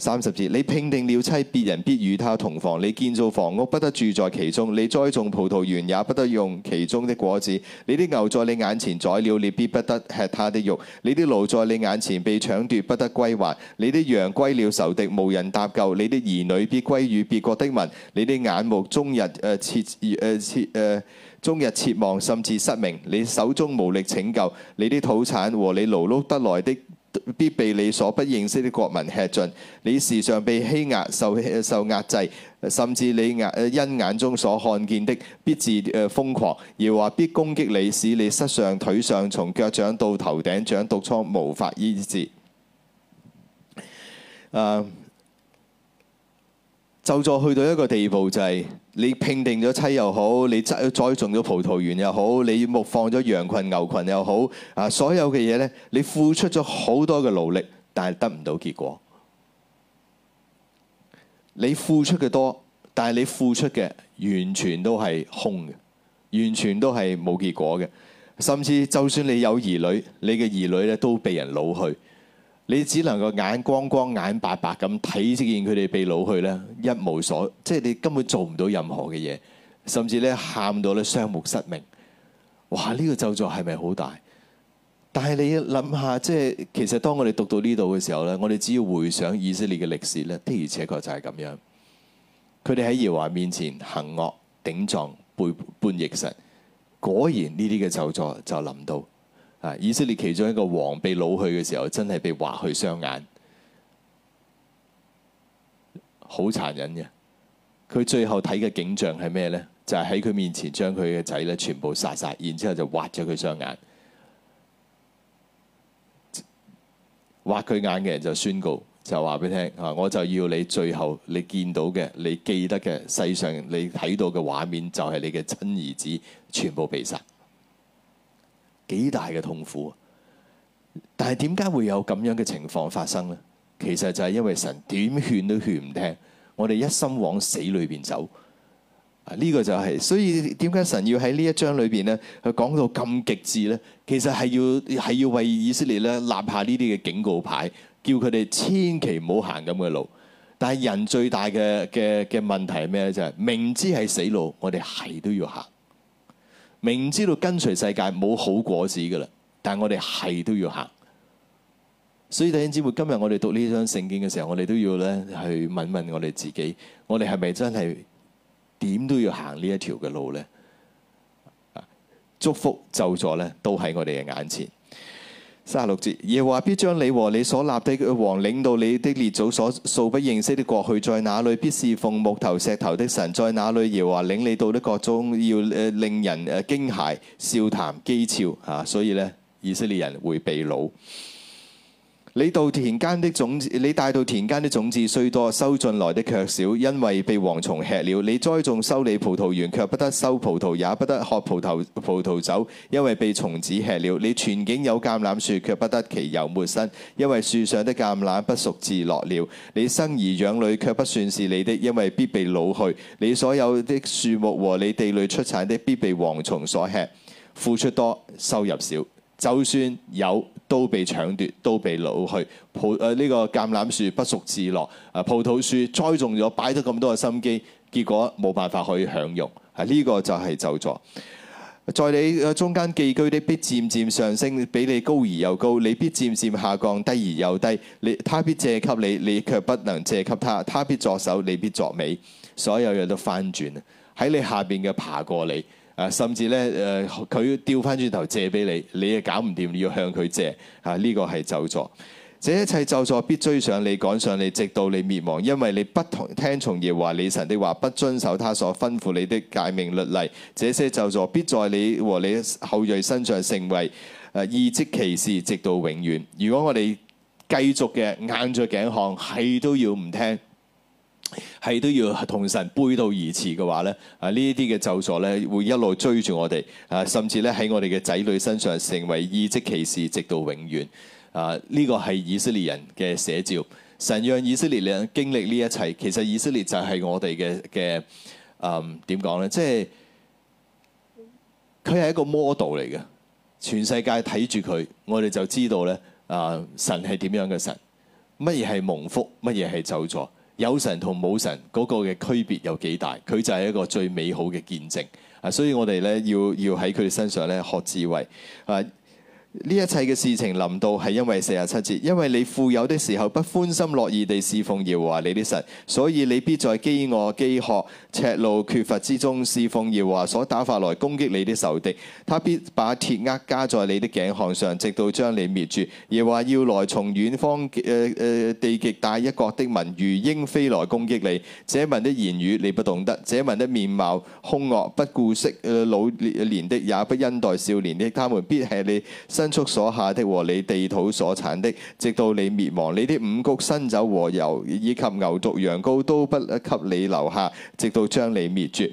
三十字，你聘定了妻，別人必與他同房；你建造房屋，不得住在其中；你栽種葡萄園，也不得用其中的果子；你啲牛在你眼前宰了，你必不得吃他的肉；你啲驢在你眼前被搶奪，不得歸還；你啲羊歸了仇敵，無人搭救；你啲兒女必歸與別國的民；你啲眼目終日誒切誒切誒終日切望，甚至失明；你手中無力拯救；你啲土產和你勞碌得來的。必被你所不認識的國民吃盡，你時常被欺壓、受受壓制，甚至你眼因眼中所看見的必致瘋狂，而話必攻擊你，使你膝上、腿上，從腳掌到頭頂長毒瘡，無法醫治。Uh, 就再去到一個地步，就是，就係你聘定咗妻又好，你栽栽種咗葡萄園又好，你牧放咗羊群牛群又好，啊，所有嘅嘢呢，你付出咗好多嘅努力，但係得唔到結果。你付出嘅多，但係你付出嘅完全都係空嘅，完全都係冇結果嘅。甚至就算你有兒女，你嘅兒女呢，都被人擄去。你只能夠眼光光眼白白咁睇，即見佢哋被擄去呢，一無所，即係你根本做唔到任何嘅嘢，甚至呢喊到呢雙目失明。哇！呢個咒詛係咪好大？但係你諗下，即係其實當我哋讀到呢度嘅時候呢，我哋只要回想以色列嘅歷史呢，的而且確就係咁樣。佢哋喺耶和華面前行惡、頂撞、背叛逆神，果然呢啲嘅咒詛就臨到。以色列其中一個王被擄去嘅時候，真係被挖去雙眼，好殘忍嘅。佢最後睇嘅景象係咩呢？就係喺佢面前將佢嘅仔咧全部殺晒，然之後就挖咗佢雙眼。挖佢眼嘅人就宣告，就話俾你聽啊！我就要你最後你見到嘅、你記得嘅世上你睇到嘅畫面，就係你嘅親兒子全部被殺。幾大嘅痛苦，但係點解會有咁樣嘅情況發生呢？其實就係因為神點勸都勸唔聽，我哋一心往死裏邊走。啊，呢個就係所以點解神要喺呢一章裏邊呢，佢講到咁極致呢？其實係要係要為以色列咧立下呢啲嘅警告牌，叫佢哋千祈唔好行咁嘅路。但係人最大嘅嘅嘅問題係咩呢？就係明知係死路，我哋係都要行。明知道跟隨世界冇好果子噶啦，但我哋係都要行。所以弟兄姊妹，今日我哋讀呢章聖經嘅時候，我哋都要咧去問問我哋自己，我哋係咪真係點都要行呢一條嘅路咧？祝福咒詛咧，都喺我哋嘅眼前。卅六節，耶華必將你和你所立的王領到你的列祖所素不認識的國去，在哪裏必事奉木頭石頭的神，在哪裏耶華領你到的各國中要誒令人誒驚駭笑談譏誚吓，所以呢，以色列人會被擄。你到田間的種子，你帶到田間的種子雖多，收進來的卻少，因為被蝗蟲吃了。你栽種修理葡萄園，卻不得收葡萄也，也不得喝葡萄葡萄酒，因為被蟲子吃了。你全境有橄欖樹，卻不得其油沒身，因為樹上的橄欖不熟自落了。你生兒養女，卻不算是你的，因為必被老去。你所有的樹木和你地裏出產的，必被蝗蟲所吃，付出多，收入少。就算有，都被搶奪，都被攞去。葡誒呢個橄欖樹不熟自落，啊葡萄樹栽種咗，擺咗咁多嘅心機，結果冇辦法可以享用。啊呢、呢個就係咒詛。在你嘅中間寄居，你必漸漸上升，比你高而又高；你必漸漸下降，低而又低。你他必借給你，你卻不能借給他。他必作首，你必作尾。所有嘢都翻轉，喺你下邊嘅爬過嚟。甚至咧，誒佢要掉翻轉頭借俾你，你又搞唔掂，你要向佢借，啊呢個係咒詛，這一切咒詛必追上你，趕上你，直到你滅亡，因為你不同聽從耶和華你神的話，不遵守他所吩咐你的誡命律例。這些咒詛必在你和你後裔身上成為誒異蹟奇事，直到永遠。如果我哋繼續嘅硬着頸項，係都要唔聽。係都要同神背道而馳嘅話咧，啊呢一啲嘅咒詛咧會一路追住我哋啊，甚至咧喺我哋嘅仔女身上成為異蹟奇事，直到永遠啊。呢、這個係以色列人嘅寫照。神讓以色列人經歷呢一切，其實以色列就係我哋嘅嘅，嗯點講咧，即係佢係一個 model 嚟嘅，全世界睇住佢，我哋就知道咧啊神係點樣嘅神，乜嘢係蒙福，乜嘢係咒詛。有神同冇神嗰個嘅區別有幾大？佢就係一個最美好嘅見證。所以我哋呢要要喺佢哋身上咧學智慧。呢一切嘅事情臨到係因為四十七節，因為你富有的時候不歡心樂意地侍奉耶和華你的神，所以你必在飢餓、飢渴、赤露缺乏之中侍奉耶和華所打發來攻擊你的仇敵。他必把鐵軛加在你的頸項，項上，直到將你滅絕。耶和華要來從遠方誒誒地極帶一國的民如鷹飛來攻擊你。這民的言語你不懂得，這民的面貌兇惡，不顧惜老年的，也不恩待少年的。他們必係你。牲畜所下的和你地土所產的，直到你滅亡，你的五穀新酒和油以及牛犢羊羔都不給你留下，直到將你滅絕。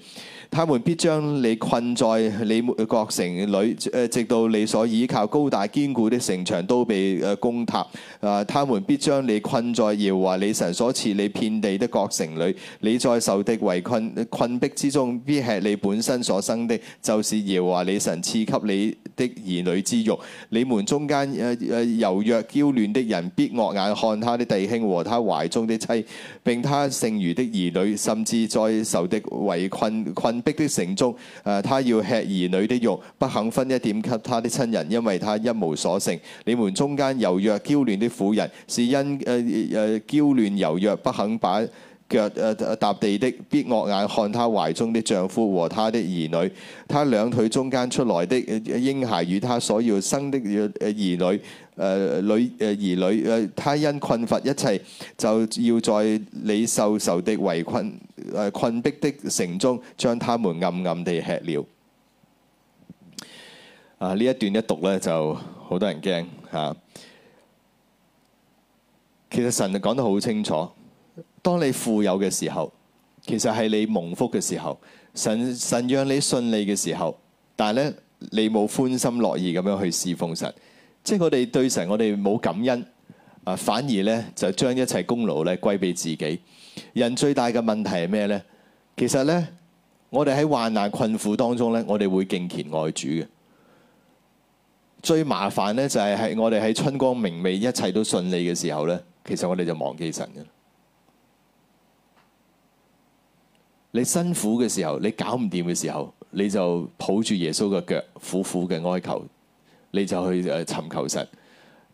他們必將你困在你各城裏，誒，直到你所倚靠高大堅固的城牆都被誒攻塌。啊，他們必將你困在耶和華你神所賜你遍地的各城裏，你在受的圍困困逼之中，必吃你本身所生的，就是耶和華你神賜給你的兒女之肉。你們中間誒、誒柔弱嬌嫩的人，必惡眼看他的弟兄和他懷中的妻，並他剩餘的兒女，甚至在受的圍困困困逼的城中，誒，他要吃兒女的肉，不肯分一點給他的親人，因為他一無所剩。你們中間柔弱嬌嫩的婦人，是因誒誒嬌嫩，柔、呃、弱不肯把腳踏地的，必惡眼看他懷中的丈夫和他的兒女，他兩腿中間出來的嬰孩與他所要生的兒女，誒、呃、兒女誒，呃、他因困乏一切，就要在你受受的圍困誒困逼的城中，將他們暗暗地吃了。啊，呢一段一讀呢，就好多人驚嚇、啊。其實神就講得好清楚。當你富有嘅時候，其實係你蒙福嘅時候。神神讓你順利嘅時候，但係咧你冇歡心樂意咁樣去侍奉神，即係我哋對神，我哋冇感恩啊，反而咧就將一切功勞咧歸俾自己。人最大嘅問題係咩呢？其實呢，我哋喺患難困苦當中咧，我哋會敬虔愛主嘅。最麻煩咧就係喺我哋喺春光明媚、一切都順利嘅時候咧，其實我哋就忘記神嘅。你辛苦嘅時候，你搞唔掂嘅時候，你就抱住耶穌嘅腳，苦苦嘅哀求，你就去誒尋求神。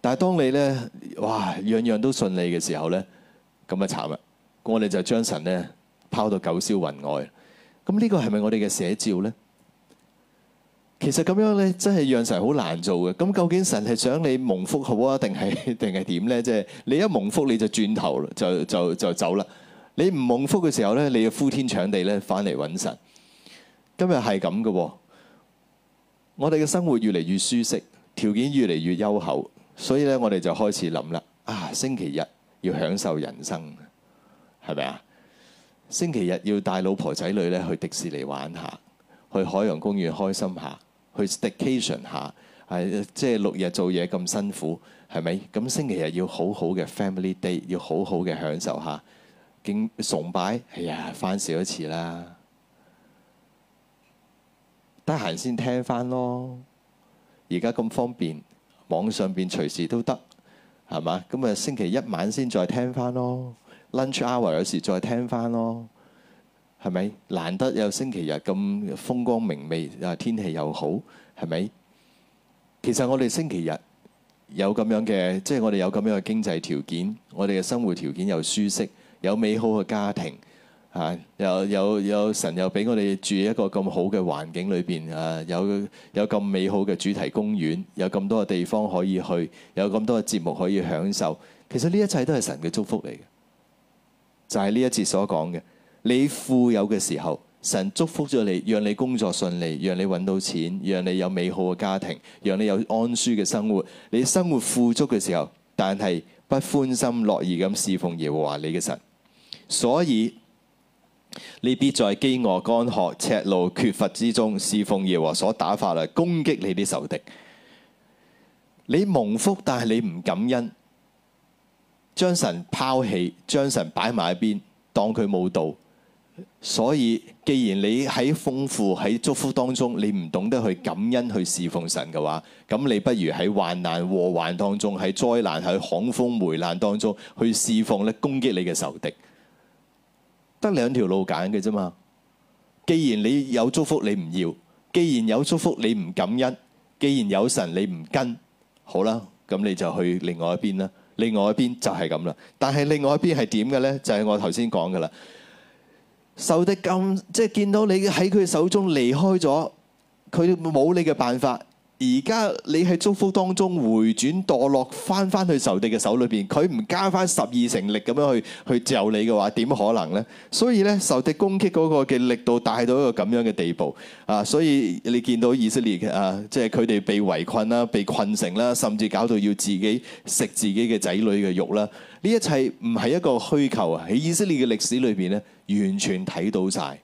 但係當你呢，哇，樣樣都順利嘅時候呢，咁啊慘啦！我哋就將神呢，拋到九霄雲外。咁呢個係咪我哋嘅寫照呢？其實咁樣呢，真係讓神好難做嘅。咁究竟神係想你蒙福好啊，定係定係點呢？即係、就是、你一蒙福你就轉頭就就就，就走啦。你唔蒙福嘅時候呢，你要呼天搶地呢，返嚟揾神。今日係咁嘅，我哋嘅生活越嚟越舒適，條件越嚟越優厚，所以呢，我哋就開始諗啦。啊，星期日要享受人生，係咪啊？星期日要帶老婆仔女呢去迪士尼玩下，去海洋公園開心下，去 staycation 下，係即係六日做嘢咁辛苦，係咪？咁星期日要好好嘅 family day，要好好嘅享受下。敬崇拜，哎呀，翻少一次啦。得閒先聽翻咯。而家咁方便，網上邊隨時都得，係嘛？咁啊，星期一晚先再聽翻咯。Lunch hour 有時再聽翻咯，係咪？難得有星期日咁風光明媚啊，天氣又好，係咪？其實我哋星期日有咁樣嘅，即係我哋有咁樣嘅經濟條件，我哋嘅生活條件又舒適。有美好嘅家庭，啊，有有，有神又俾我哋住一個咁好嘅環境裏邊，啊，有有咁美好嘅主題公園，有咁多嘅地方可以去，有咁多嘅節目可以享受。其實呢一切都係神嘅祝福嚟嘅，就係呢一節所講嘅。你富有嘅時候，神祝福咗你，讓你工作順利，讓你揾到錢，讓你有美好嘅家庭，讓你有安舒嘅生活。你生活富足嘅時候，但係不歡心樂意咁侍奉耶和華你嘅神。所以你必在飢餓、乾渴、赤露、缺乏之中侍奉耶和所打發嚟攻擊你啲仇敵，你蒙福，但係你唔感恩，將神拋棄，將神擺埋一邊，當佢冇道。所以，既然你喺豐富喺祝福當中，你唔懂得去感恩去侍奉神嘅話，咁你不如喺患難禍患當中，喺災難、喺恐風梅難當中去侍奉咧攻擊你嘅仇敵。得兩條路揀嘅啫嘛！既然你有祝福你唔要，既然有祝福你唔感恩，既然有神你唔跟，好啦，咁你就去另外一邊啦。另外一邊就係咁啦。但係另外一邊係點嘅呢？就係我頭先講嘅啦。受得咁，即係見到你喺佢手中離開咗，佢冇你嘅辦法。而家你喺祝福當中回轉墮落，翻翻去仇敵嘅手裏邊，佢唔加翻十二成力咁樣去去就你嘅話，點可能呢？所以呢，仇敵攻擊嗰個嘅力度大到一個咁樣嘅地步啊！所以你見到以色列啊，即係佢哋被圍困啦，被困城啦，甚至搞到要自己食自己嘅仔女嘅肉啦。呢一切唔係一個虛構，喺以色列嘅歷史裏邊呢，完全睇到晒。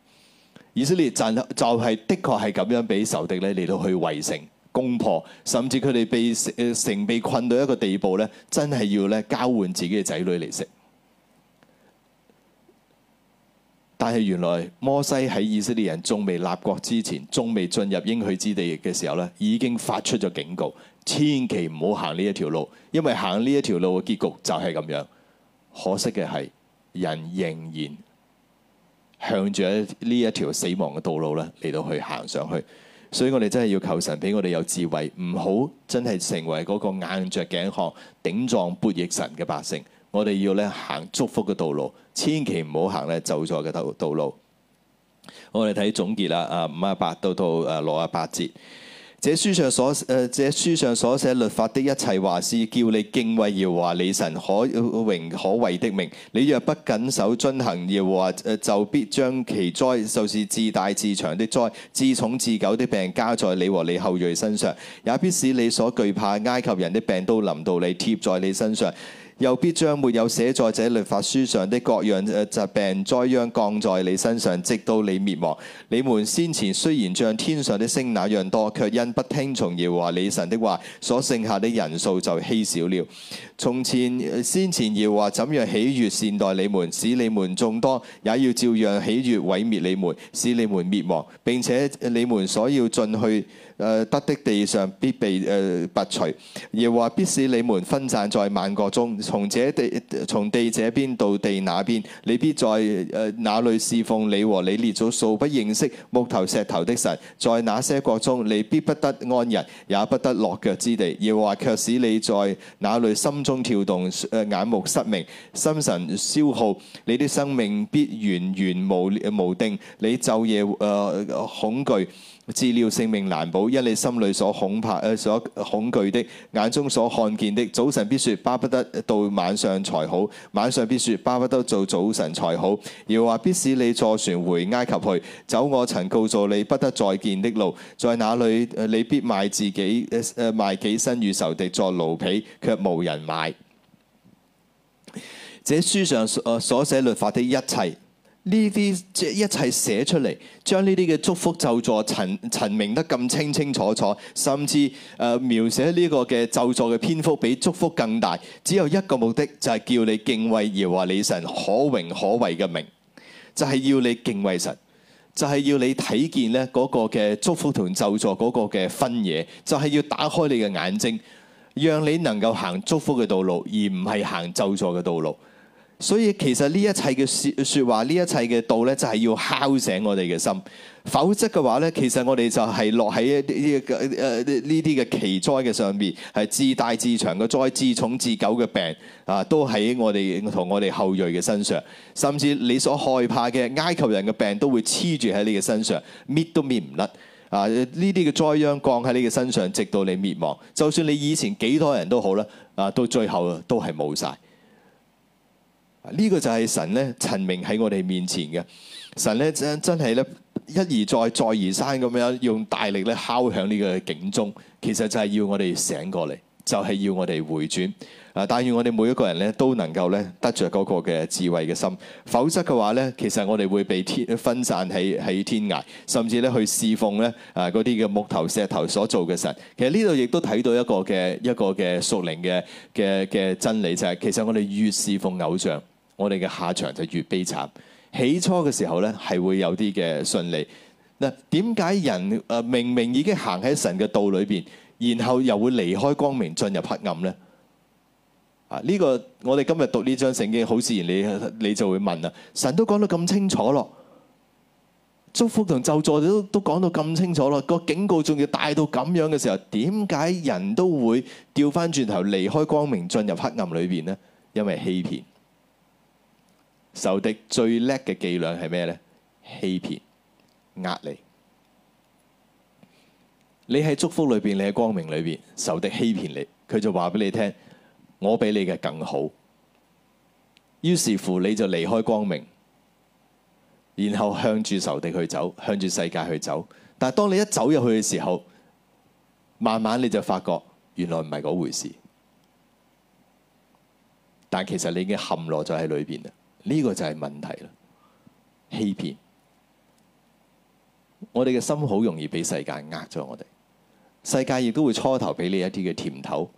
以色列就就係的確係咁樣俾仇敵咧嚟到去圍城。公婆甚至佢哋被城、呃、被困到一個地步咧，真係要咧交換自己嘅仔女嚟食。但係原來摩西喺以色列人仲未立國之前，仲未進入應許之地嘅時候咧，已經發出咗警告，千祈唔好行呢一條路，因為行呢一條路嘅結局就係咁樣，可惜嘅係人仍然向着呢一條死亡嘅道路咧嚟到去行上去。所以我哋真係要求神俾我哋有智慧，唔好真係成為嗰個硬着頸項、頂撞、悖逆神嘅百姓。我哋要咧行祝福嘅道路，千祈唔好行咧走咗嘅道道路。我哋睇總結啦，啊五啊八到到誒六啊八節。這書上所誒、呃，這書上所寫律法的一切話是叫你敬畏耶和華你神可榮可畏的名。你若不謹守遵行耶和華、呃、就必將奇災，就是至大至長的災、至重至久的病，加在你和你後裔身上，也必使你所懼怕埃及人的病都臨到你，貼在你身上。又必將沒有寫在這律法書上的各樣的疾病災殃降在你身上，直到你滅亡。你們先前雖然像天上的星那樣多，卻因不聽從耶和華你神的話，所剩下的人數就稀少了。從前先前要，耶和華怎樣喜悦善待你們使你們眾多，也要照樣喜悦毀滅你們使你們滅亡。並且你們所要進去誒得的地上，必被誒拔，呃、除。耶和華必使你們分散在萬國中，從這地從地這邊到地那邊，你必在呃那裏侍奉你和你列祖素不認識木頭石頭的神。在那些國中，你必不得安逸，也不得落腳之地。耶和華卻使你在那裏心中跳動，誒眼目失明，心神消耗，你的生命必源源無無定，你晝夜誒、呃、恐懼。自料性命難保，因你心裏所恐怕、呃、所恐懼的，眼中所看見的。早晨必說：巴不得到晚上才好；晚上必說：巴不得到早晨才好。又話：必使你坐船回埃及去，走我曾告訴你不得再見的路，在那裏，你必賣自己、呃、賣己身與仇敵作奴婢，卻無人買。這書上所寫律法的一切。呢啲即一切寫出嚟，將呢啲嘅祝福咒助陳陳明得咁清清楚楚，甚至誒、呃、描寫呢個嘅咒助嘅篇幅比祝福更大，只有一個目的就係、是、叫你敬畏耶和華你神可榮可畏嘅名，就係、是、要你敬畏神，就係、是、要你睇見咧嗰個嘅祝福同咒助嗰個嘅分野，就係、是、要打開你嘅眼睛，讓你能夠行祝福嘅道路，而唔係行咒助嘅道路。所以其實呢一切嘅説説話，呢一切嘅道咧，就係要敲醒我哋嘅心。否則嘅話咧，其實我哋就係落喺呃呢啲嘅奇災嘅上面，係自大自長嘅災，自重自久嘅病啊，都喺我哋同我哋後裔嘅身上。甚至你所害怕嘅埃及人嘅病，都會黐住喺你嘅身上，搣都搣唔甩啊！呢啲嘅災殃降喺你嘅身上，直到你滅亡。就算你以前幾多人都好啦，啊，到最後都係冇晒。呢個就係神咧，陳明喺我哋面前嘅神咧，真真係咧一而再，再而三咁樣用大力咧敲響呢個警鐘。其實就係要我哋醒過嚟，就係、是、要我哋回轉。啊、呃，但願我哋每一個人咧都能夠咧得着嗰個嘅智慧嘅心，否則嘅話咧，其實我哋會被天分散喺喺天涯，甚至咧去侍奉咧啊嗰啲嘅木頭、石頭所做嘅神。其實呢度亦都睇到一個嘅一個嘅屬靈嘅嘅嘅真理，就係、是、其實我哋越侍奉偶像。我哋嘅下場就越悲慘。起初嘅時候呢，係會有啲嘅順利。嗱，點解人誒明明已經行喺神嘅道裏邊，然後又會離開光明，進入黑暗呢？啊、這個，呢個我哋今日讀呢張聖經，好自然你，你你就會問啦。神都講得咁清楚咯，祝福同咒詛都都講到咁清楚咯。個警告仲要大到咁樣嘅時候，點解人都會掉翻轉頭離開光明，進入黑暗裏邊呢？因為欺騙。仇敵最叻嘅伎倆係咩呢？欺騙、壓你。你喺祝福裏邊，你喺光明裏邊，仇敵欺騙你，佢就話俾你聽：我比你嘅更好。於是乎，你就離開光明，然後向住仇敵去走，向住世界去走。但係當你一走入去嘅時候，慢慢你就發覺，原來唔係嗰回事。但其實你已經陷落咗喺裏邊啦。呢個就係問題啦，欺騙我哋嘅心好容易俾世界呃咗我哋，世界亦都會初頭俾你一啲嘅甜頭，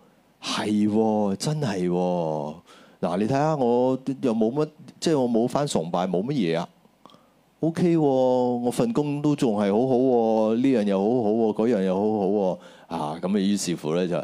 係喎，真係喎。嗱，你睇下我又冇乜，即係我冇返崇拜，冇乜嘢啊。OK 喎，我份工都仲係好好，呢樣又好好，嗰樣又好好啊。咁啊，於是乎咧就。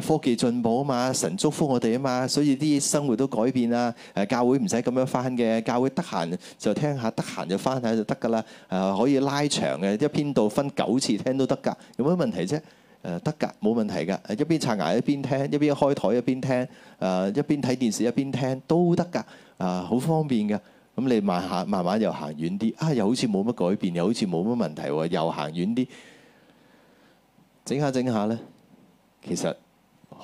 科技進步啊嘛，神祝福我哋啊嘛，所以啲生活都改變啦。誒教會唔使咁樣返嘅，教會得閒就聽下，得閒就返下就得㗎啦。誒可以拉長嘅一篇到分九次聽都得㗎，有乜問題啫？誒得㗎，冇問題㗎。一邊刷牙一邊聽，一邊開枱一邊聽，誒、呃、一邊睇電視一邊聽都得㗎。啊、呃、好方便嘅，咁你行慢，慢慢又行遠啲啊，又好似冇乜改變，又好似冇乜問題喎，又行遠啲，整下整下咧，其實～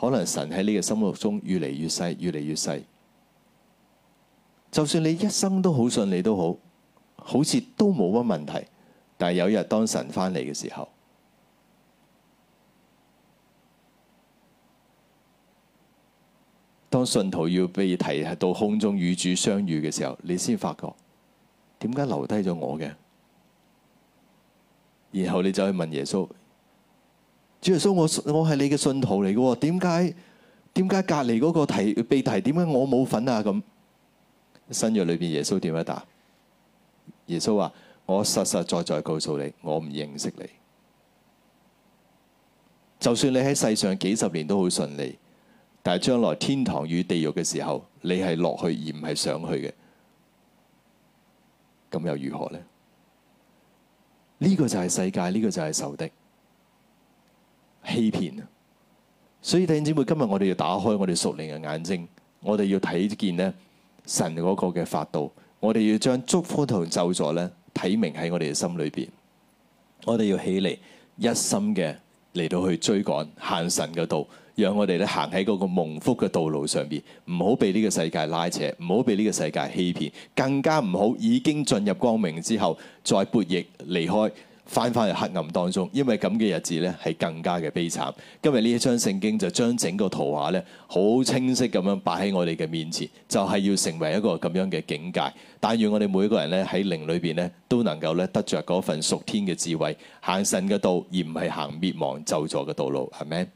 可能神喺你嘅心目中越嚟越細，越嚟越細。就算你一生都好順利都好，好似都冇乜問題，但係有一日當神返嚟嘅時候，當信徒要被提到空中與主相遇嘅時候，你先發覺點解留低咗我嘅？然後你就去問耶穌。主耶穌，我我係你嘅信徒嚟嘅，點解點解隔籬嗰個提被提，點解我冇份啊？咁新約裏邊，耶穌點樣答？耶穌話：我實實在在告訴你，我唔認識你。就算你喺世上幾十年都好順利，但係將來天堂與地獄嘅時候，你係落去而唔係上去嘅。咁又如何呢？呢個就係世界，呢個就係仇敵欺騙。所以弟兄姊妹，今日我哋要打開我哋屬靈嘅眼睛，我哋要睇見咧神嗰個嘅法度，我哋要將祝福同咒詛咧睇明喺我哋嘅心裏邊，我哋要起嚟一心嘅嚟到去追趕行神嘅道，讓我哋咧行喺嗰個蒙福嘅道路上邊，唔好被呢個世界拉扯，唔好被呢個世界欺騙，更加唔好已經進入光明之後再悖逆離開。翻返去黑暗當中，因為咁嘅日子咧係更加嘅悲慘。今日呢一張聖經就將整個圖畫咧好清晰咁樣擺喺我哋嘅面前，就係要成為一個咁樣嘅境界。但願我哋每個人咧喺靈裏邊咧都能夠咧得着嗰份屬天嘅智慧，行神嘅道，而唔係行滅亡咒詛嘅道路，係咪？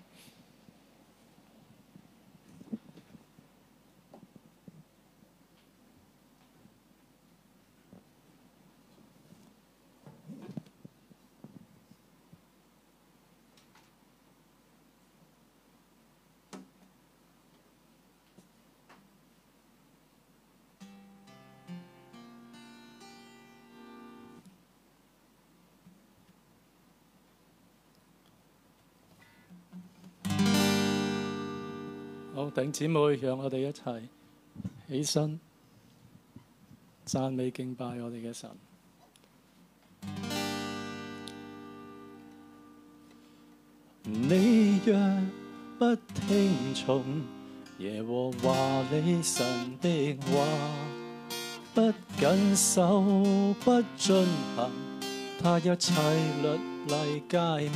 弟兄姊妹，讓我哋一齊起身讚美敬拜我哋嘅神。 你若不聽從耶和華你神的話，不謹守不遵行他一切律例誡命，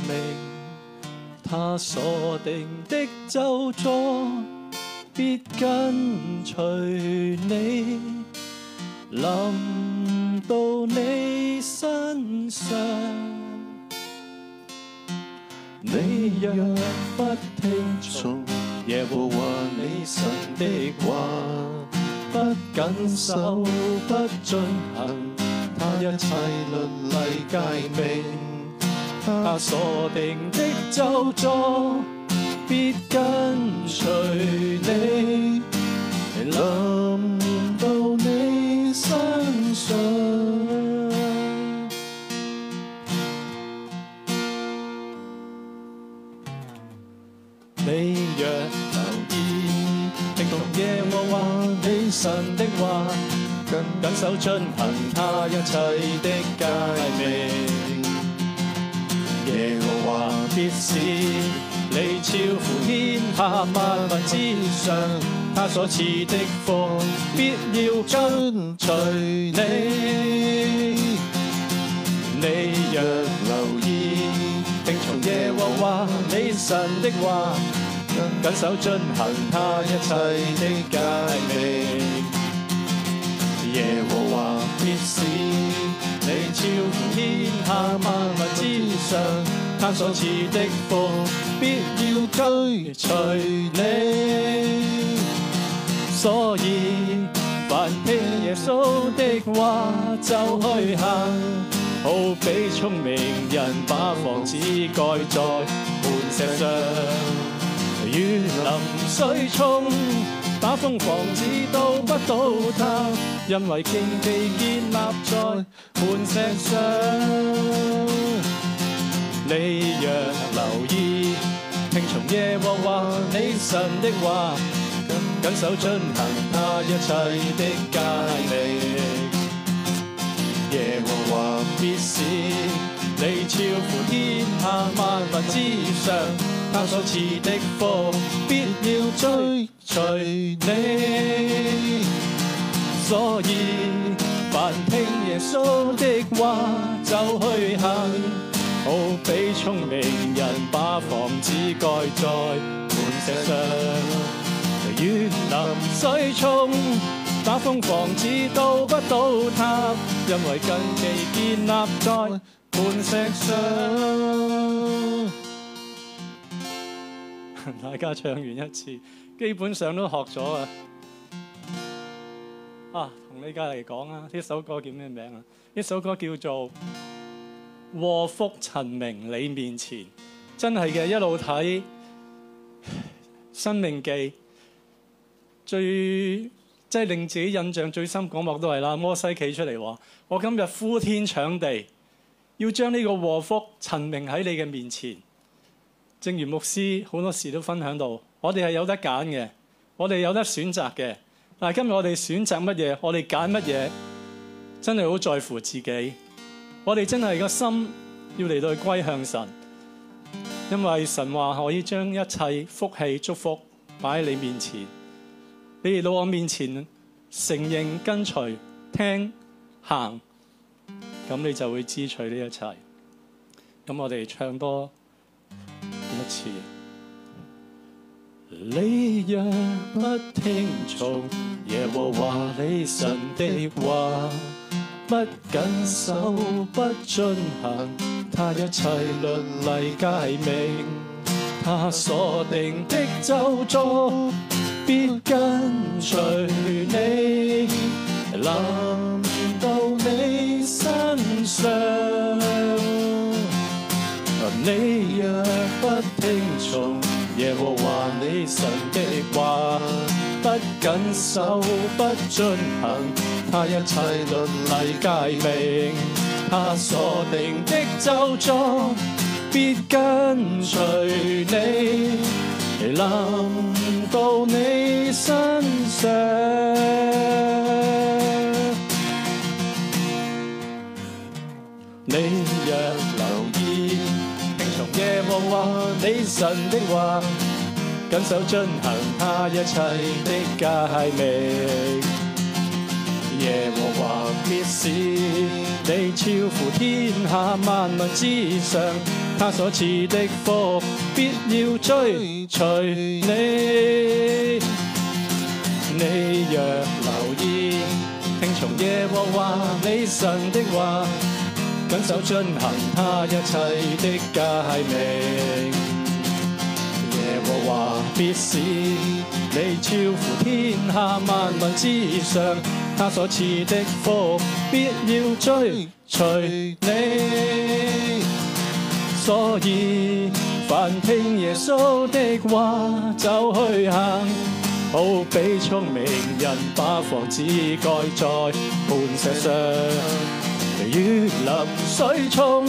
他所定的咒詛，必跟隨你，臨到你身上。你若不聽從，耶和華你神的話，不謹守不進行，他一切律例誡命。他她 所定的咒詛。必跟隨你，臨到你身上。你若留意，聽從耶和華，你神的話，更謹守遵行他一切的誡命。耶和華必使。你超乎天下萬物之上，他所賜的福必要跟隨你。你若留意，聽從耶和華你神的話，謹守遵行他一切的誡命，耶和華必使你超乎天下萬物之上，他所賜的福。必要追隨你，所以凡聽耶穌的話就去行，好比聰明人把房子蓋在磐石上。雨淋水沖，打風房子都不倒塌，因為根基建立在磐石上。你若留意。聽從耶和華你神的話，謹守遵行他一切的誡命。耶和華必使你超乎天下萬民之上，他所賜的福必要追隨你。所以凡聽耶穌的話就去行。好比聰明人把房子蓋在磐石上，雨淋水沖打風，房子都不倒塌，因為根基建立在磐石上。大家唱完一次，基本上都學咗啊！啊，同你家嚟講啊，呢首歌叫咩名啊？呢首歌叫做。禍福陳明你面前，真係嘅，一路睇《 申命記》最，最即係令自己印象最深嗰幕都係啦。摩西企出嚟話：我今日呼天搶地，要將呢個禍福陳明喺你嘅面前。正如牧師好多時都分享到，我哋係有得揀嘅，我哋有得選擇嘅。但係今日我哋選擇乜嘢，我哋揀乜嘢，真係好在乎自己。我哋真係個心要嚟到去歸向神，因為神話可以將一切福氣祝福擺喺你面前，你嚟到我面前承認跟隨聽行，咁你就會支取呢一切。咁我哋唱多一次。你若不聽從耶和華你神的話。不謹守不遵行，他一切律例誡命，他所定的咒詛，必跟隨你臨到你身上。啊、你若不聽從，耶和華你神的話。不謹守遵行，他一切律例誡命，他所定的咒詛必跟隨你臨到你身上。你若留意，聽從耶和華，你神的話。遵守遵行他一切的誡命，耶和華必使你超乎天下萬民之上，他所賜的福必要追隨你。你若留意聽從耶和華你神的話，遵守遵行他一切的誡命。我話必使你超乎天下萬民之上，他所賜的福必要追隨你。所以凡聽耶穌的話就去行，好比聰明人把房子蓋在磐石上，雨淋水沖，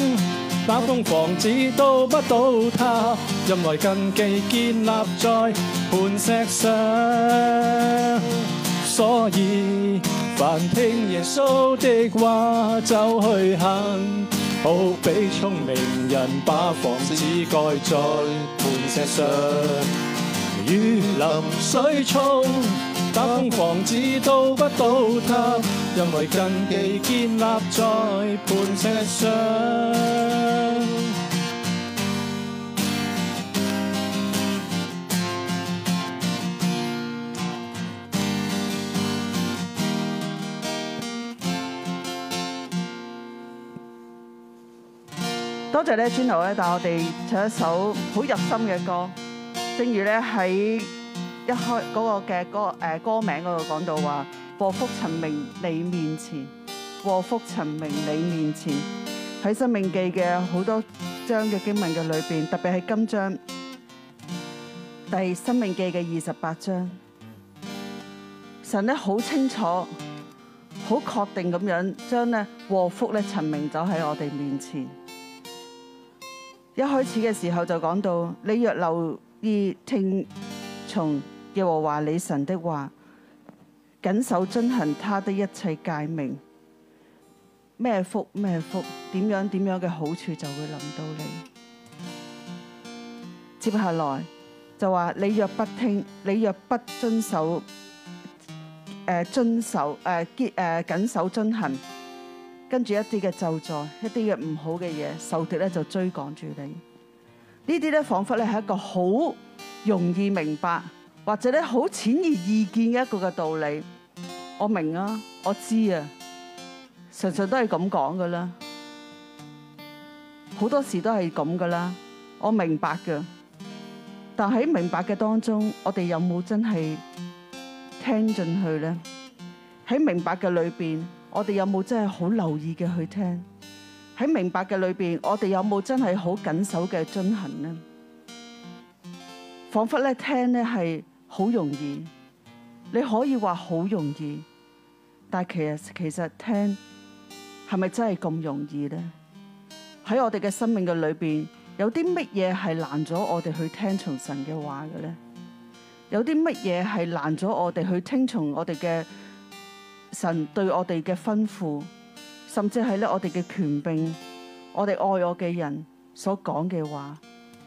打棟房子都不倒塌，因為根基建立在磐石上。所以凡聽耶穌的話就去行，好比聰明人把房子蓋在磐石上，雨淋水沖。打風房子都不倒塌，因為根基建立在磐石上。多謝呢，尊老呢，帶我哋唱一首好入心嘅歌，正如呢喺。一開嗰個嘅歌，誒歌名嗰度講到話：禍福陳明你面前，禍福陳明你面前。喺《申命記》嘅好多章嘅經文嘅裏邊，特別係今章第《申命記》嘅二十八章，神咧好清楚、好確定咁樣將呢禍福咧陳明就喺我哋面前。一開始嘅時候就講到：你若留意聽從耶和華你神的話，謹守遵行他的一切誡命，咩福咩福，點樣點樣嘅好處就會臨到你。接下來就話：你若不聽，你若不遵守，誒遵守誒結誒謹守遵行，跟住一啲嘅咒詛，一啲嘅唔好嘅嘢，受敵咧就追趕住你。呢啲咧彷彿咧係一個好容易明白。嗯或者咧好淺而易見一個嘅道理，我明啊，我知啊，常常都係咁講噶啦，好多時都係咁噶啦，我明白噶。但喺明白嘅當中，我哋有冇真係聽進去咧？喺明白嘅裏邊，我哋有冇真係好留意嘅去聽？喺明白嘅裏邊，我哋有冇真係好緊守嘅遵行咧？彷彿咧聽咧係。好容易，你可以話好容易，但其實其實，聽係咪真係咁容易呢？喺我哋嘅生命嘅裏邊，有啲乜嘢係難咗我哋去聽從神嘅話嘅咧？有啲乜嘢係難咗我哋去聽從我哋嘅神對我哋嘅吩咐，甚至係咧我哋嘅權柄，我哋愛我嘅人所講嘅話，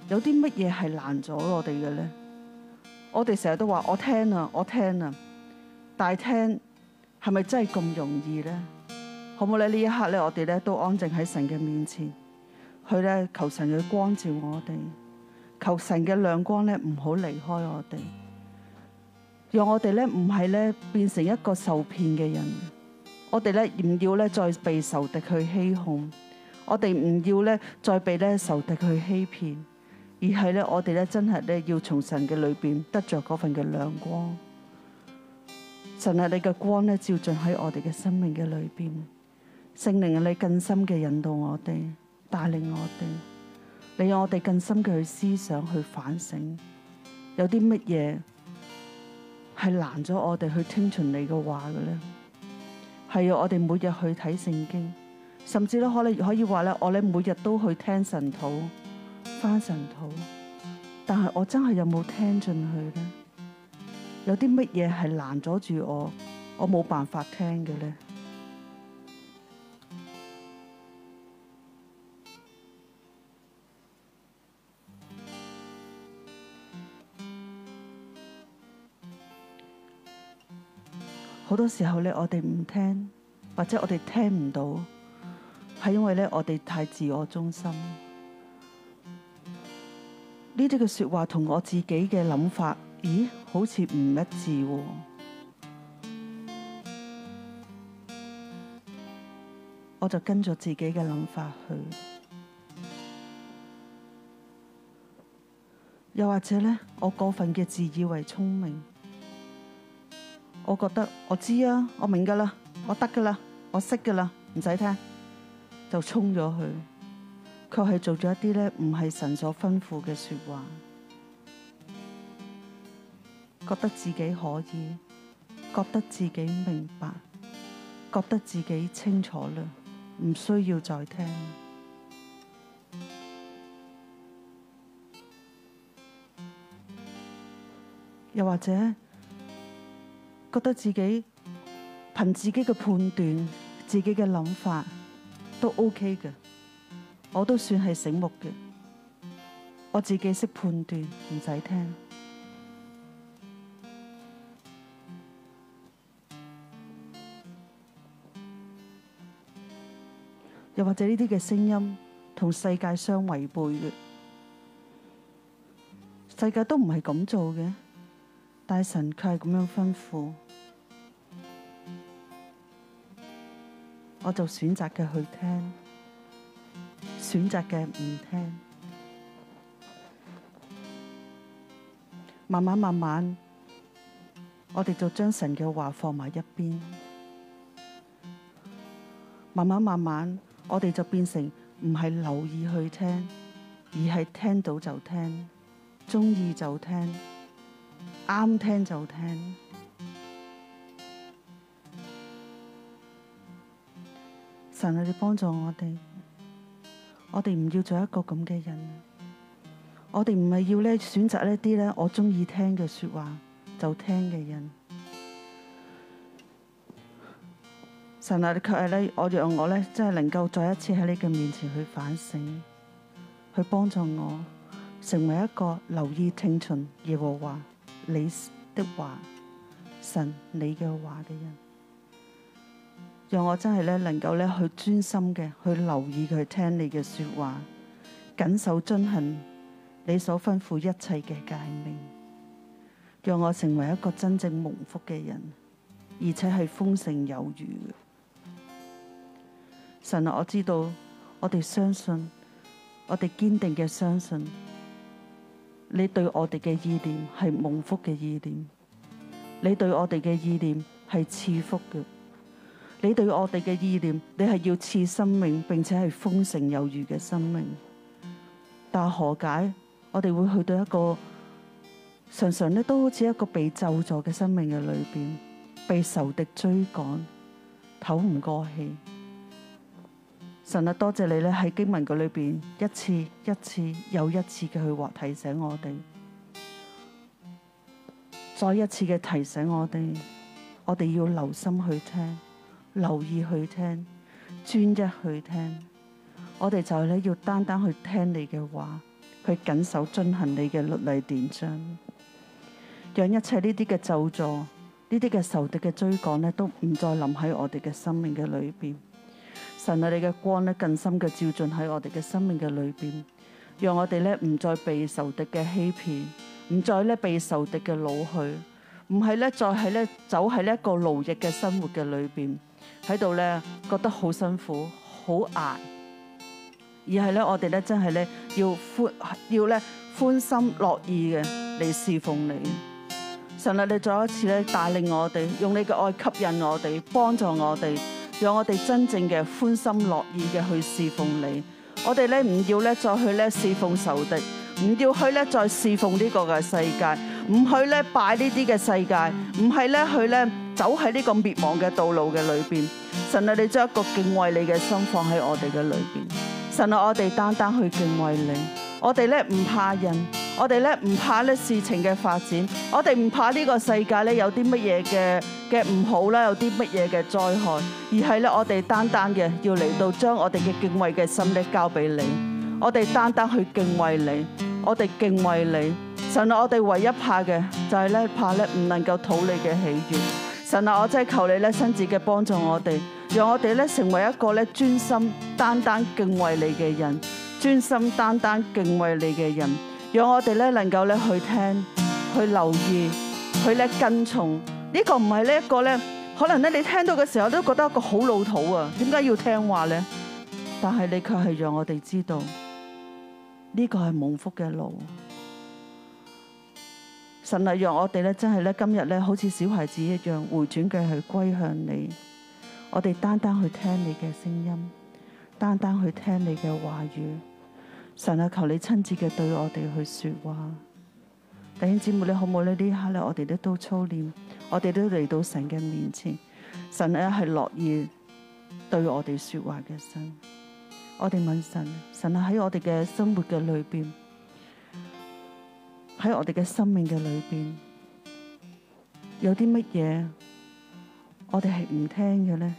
有啲乜嘢係難咗我哋嘅咧？我哋成日都話我聽啊，我聽啊，但係聽係咪真係咁容易呢？好唔好咧？呢一刻咧，我哋咧都安靜喺神嘅面前，去咧求神去光照我哋，求神嘅亮光咧唔好離開我哋，讓我哋咧唔係咧變成一個受騙嘅人，我哋咧唔要咧再被仇敵去欺哄，我哋唔要咧再被咧仇敵去欺騙。而係咧，我哋咧真係咧要從神嘅裏邊得着嗰份嘅亮光。神係你嘅光咧，照進喺我哋嘅生命嘅裏邊。聖靈啊，你更深嘅引導我哋，帶領我哋。你讓我哋更深嘅去思想，去反省，有啲乜嘢係難咗我哋去聽從你嘅話嘅咧？係要我哋每日去睇聖經，甚至咧可能可以話咧，我哋每日都去聽神禱。翻神土，但係我真係有冇聽進去咧？有啲乜嘢係攔阻住我？我冇辦法聽嘅咧。好多時候咧，我哋唔聽，或者我哋聽唔到，係因為咧，我哋太自我中心。呢啲嘅說話同我自己嘅諗法，咦，好似唔一致喎、啊，我就跟住自己嘅諗法去。又或者咧，我過分嘅自以為聰明，我覺得我知啊，我明噶啦，我得噶啦，我識噶啦，唔使聽，就衝咗去。卻係做咗一啲咧，唔係神所吩咐嘅說話，覺得自己可以，覺得自己明白，覺得自己清楚啦，唔需要再聽。又或者覺得自己憑自己嘅判斷，自己嘅諗法都 OK 嘅。我都算係醒目嘅，我自己識判斷，唔使聽。又或者呢啲嘅聲音同世界相違背嘅，世界都唔係咁做嘅，但係神卻係咁樣吩咐，我就選擇嘅去聽。選擇嘅唔聽，慢慢慢慢，我哋就將神嘅話放埋一邊。慢慢慢慢，我哋就變成唔係留意去聽，而係聽到就聽，鍾意就聽，啱聽就聽。神，你哋幫助我哋。我哋唔要做一個咁嘅人，我哋唔係要咧選擇一啲咧我鍾意聽嘅說話就聽嘅人。神啊，你卻係咧，我讓我咧，真係能夠再一次喺你嘅面前去反省，去幫助我成為一個留意聽從耶和華你的話、神你嘅話嘅人。讓我真係咧，能夠咧去專心嘅去留意佢聽你嘅說話，謹守遵行你所吩咐一切嘅誡命，讓我成為一個真正蒙福嘅人，而且係豐盛有餘嘅。神啊，我知道我哋相信，我哋堅定嘅相信，你對我哋嘅意念係蒙福嘅意念，你對我哋嘅意念係賜福嘅。你對我哋嘅意念，你係要賜生命，並且係豐盛有餘嘅生命。但何解我哋會去到一個常常咧都好似一個被咒詛嘅生命嘅裏邊，被仇敵追趕，唞唔過氣？神啊，多謝你咧喺經文嘅裏邊一次一次，一次又一次嘅去話提醒我哋，再一次嘅提醒我哋，我哋要留心去聽。留意去聽，專一去聽。我哋就係咧，要單單去聽你嘅話，去緊守遵行你嘅律例典章，讓一切呢啲嘅咒詛、呢啲嘅仇敵嘅追趕咧，都唔再臨喺我哋嘅生命嘅裏邊。神啊，你嘅光咧更深嘅照進喺我哋嘅生命嘅裏邊，讓我哋呢唔再被仇敵嘅欺騙，唔再呢被仇敵嘅擄去，唔係呢，再係呢走喺呢一個奴役嘅生活嘅裏邊。喺度咧，覺得好辛苦，好難。而係咧，我哋咧真係咧，要歡要咧歡心樂意嘅嚟侍奉你。神啊，你再一次咧帶領我哋，用你嘅愛吸引我哋，幫助我哋，讓我哋真正嘅歡心樂意嘅去侍奉你。我哋咧唔要咧再去咧侍奉仇敵。唔要去咧，再侍奉呢個嘅世界，唔去咧拜呢啲嘅世界，唔係咧去咧走喺呢個滅亡嘅道路嘅裏邊。神啊，你將一個敬畏你嘅心放喺我哋嘅裏邊。神啊，我哋單單去敬畏你，我哋咧唔怕人，我哋咧唔怕咧事情嘅發展，我哋唔怕呢個世界咧有啲乜嘢嘅嘅唔好啦，有啲乜嘢嘅災害，而係咧我哋單單嘅要嚟到將我哋嘅敬畏嘅心咧交俾你，我哋單單去敬畏你。我哋敬畏你，神啊！我哋唯一怕嘅就係、是、咧怕咧唔能夠討你嘅喜悦，神啊！我真係求你咧親自嘅幫助我哋，讓我哋咧成為一個咧專心單單敬畏你嘅人，專心單單敬畏你嘅人，讓我哋咧能夠咧去聽，去留意，去咧跟從。呢、這個唔係呢一個咧，可能咧你聽到嘅時候都覺得一個好老土啊！點解要聽話咧？但係你卻係讓我哋知道。呢個係蒙福嘅路，神啊，讓我哋咧，真係咧，今日咧，好似小孩子一樣，回轉嘅去歸向你。我哋單單去聽你嘅聲音，單單去聽你嘅話語。神啊，求你親切嘅對我哋去說話。弟兄姊妹，你好唔好呢？呢刻咧，我哋都到操練，我哋都嚟到神嘅面前。神咧、啊、係樂意對我哋說話嘅神。我哋問神，神喺我哋嘅生活嘅裏邊，喺我哋嘅生命嘅裏邊，有啲乜嘢我哋係唔聽嘅咧？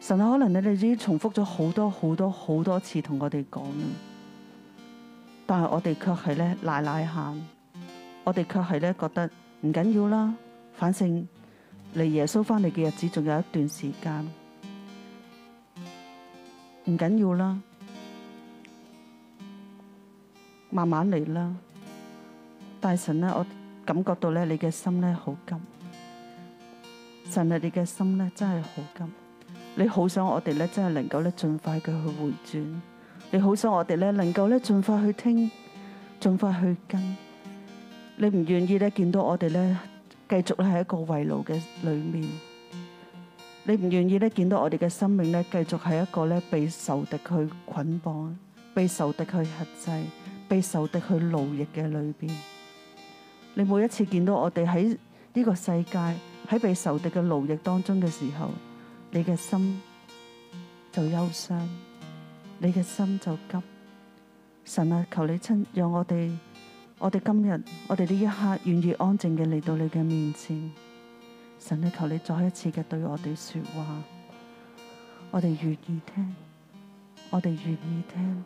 神，可能你哋已經重複咗好多好多好多次同我哋講，但係我哋卻係咧賴賴喊，我哋卻係咧覺得唔緊要啦，反正離耶穌翻嚟嘅日子仲有一段時間。唔緊要啦，慢慢嚟啦。大神咧，我感覺到咧你嘅心咧好急，神啊你嘅心咧真係好急，你好想我哋咧真係能夠咧盡快嘅去回轉，你好想我哋咧能夠咧盡快去聽，盡快去跟。你唔願意咧見到我哋咧繼續咧喺一個圍爐嘅裏面。你唔願意咧見到我哋嘅生命咧繼續係一個咧被仇敵去捆綁、被仇敵去轄制、被仇敵去奴役嘅裏邊。你每一次見到我哋喺呢個世界喺被仇敵嘅奴役當中嘅時候，你嘅心就憂傷，你嘅心就急。神啊，求你親讓我哋，我哋今日，我哋呢一刻願意安靜嘅嚟到你嘅面前。神你，求你再一次嘅對我哋說話，我哋願意聽，我哋願意聽，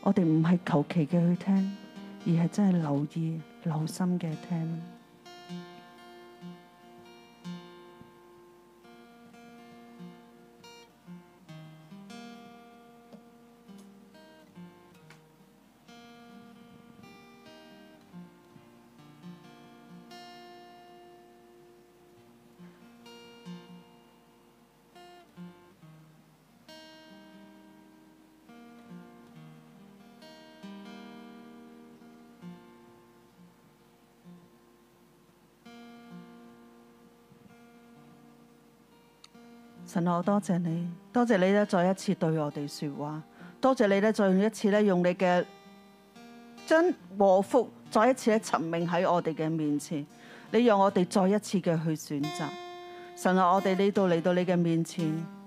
我哋唔係求其嘅去聽，而係真係留意、留心嘅聽。神啊，多謝你，多謝你咧，再一次對我哋說話，多謝你咧，再用一次咧，用你嘅將和福再一次咧，呈現喺我哋嘅面前。你讓我哋再一次嘅去選擇，神啊，我哋呢度嚟到你嘅面前，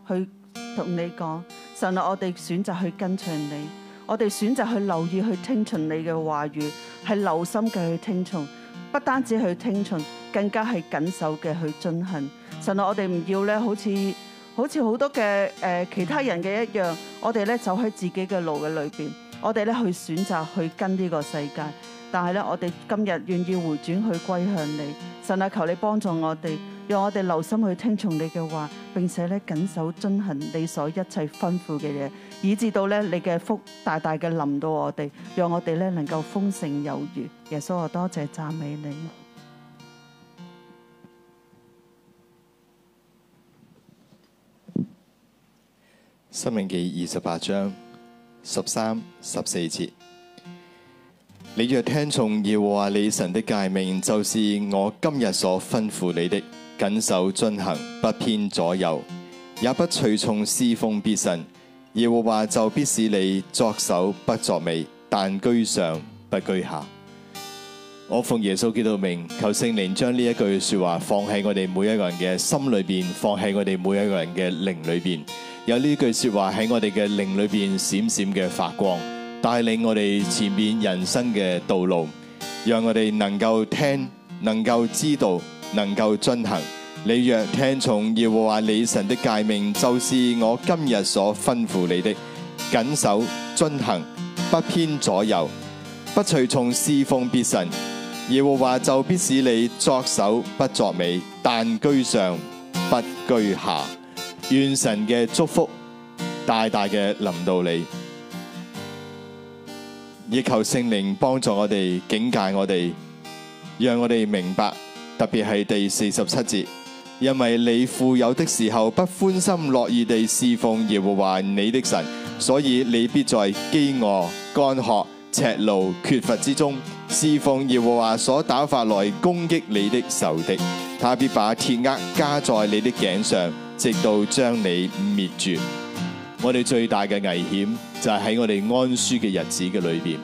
去同你講，神啊，我哋選擇去跟隨你，我哋選擇去留意去聽從你嘅話語，係留心嘅去聽從，不單止去聽從，更加係謹守嘅去遵行。神啊，我哋唔要咧，好似。好似好多嘅誒、呃、其他人嘅一樣，我哋咧走喺自己嘅路嘅裏邊，我哋咧去選擇去跟呢個世界，但係咧我哋今日願意回轉去歸向你，神啊，求你幫助我哋，讓我哋留心去聽從你嘅話，並且咧謹守遵行你所一切吩咐嘅嘢，以至到咧你嘅福大大嘅臨到我哋，讓我哋咧能夠豐盛有餘。耶穌啊，多謝讚美你。《申命記》二十八章十三、十四節：你若聽從耶和華你神的誡命，就是我今日所吩咐你的，謹守遵行，不偏左右，也不隨從侍奉。必神耶和華就必使你作首不作尾，但居上不居下。我奉耶穌基督的名，求聖靈將呢一句說話放喺我哋每一個人嘅心裏邊，放喺我哋每一個人嘅靈裏邊。有呢句說話喺我哋嘅靈裏邊閃閃嘅發光，帶領我哋前面人生嘅道路，讓我哋能夠聽，能夠知道，能夠遵行。你若聽從耶和華你神的誡命，就是我今日所吩咐你的，謹守遵行，不偏左右，不隨從侍奉別神。耶和華就必使你作首不作尾，但居上不居下。願神嘅祝福大大嘅臨到你，亦求聖靈幫助我哋，警戒我哋，讓我哋明白。特別係第四十七節，因為你富有的時候不歡心樂意地侍奉耶和華你的神，所以你必在飢餓、乾渴、赤露、缺乏之中侍奉耶和華所打發來攻擊你的仇敵，他必把鐵軛加在你的頸上。直到將你滅絕，我哋最大嘅危險就係喺我哋安舒嘅日子嘅裏邊，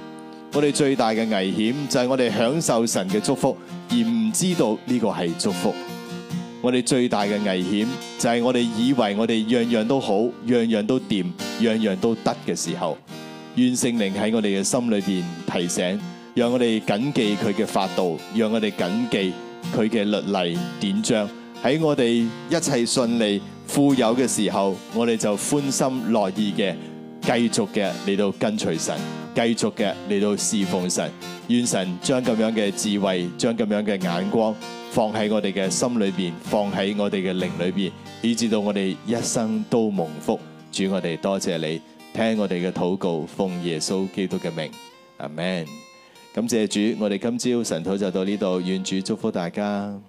我哋最大嘅危險就係我哋享受神嘅祝福而唔知道呢個係祝福，我哋最大嘅危險就係我哋以為我哋樣樣都好，樣樣都掂，樣樣都得嘅時候，願聖靈喺我哋嘅心裏邊提醒，讓我哋謹記佢嘅法度，讓我哋謹記佢嘅律例典章。喺我哋一切順利、富有嘅時候，我哋就歡心樂意嘅，繼續嘅嚟到跟隨神，繼續嘅嚟到侍奉神。願神將咁樣嘅智慧，將咁樣嘅眼光放喺我哋嘅心裏邊，放喺我哋嘅靈裏邊，以至到我哋一生都蒙福。主我哋多謝你，聽我哋嘅禱告，奉耶穌基督嘅名，阿門，感謝主，我哋今朝神禱就到呢度，願主祝福大家。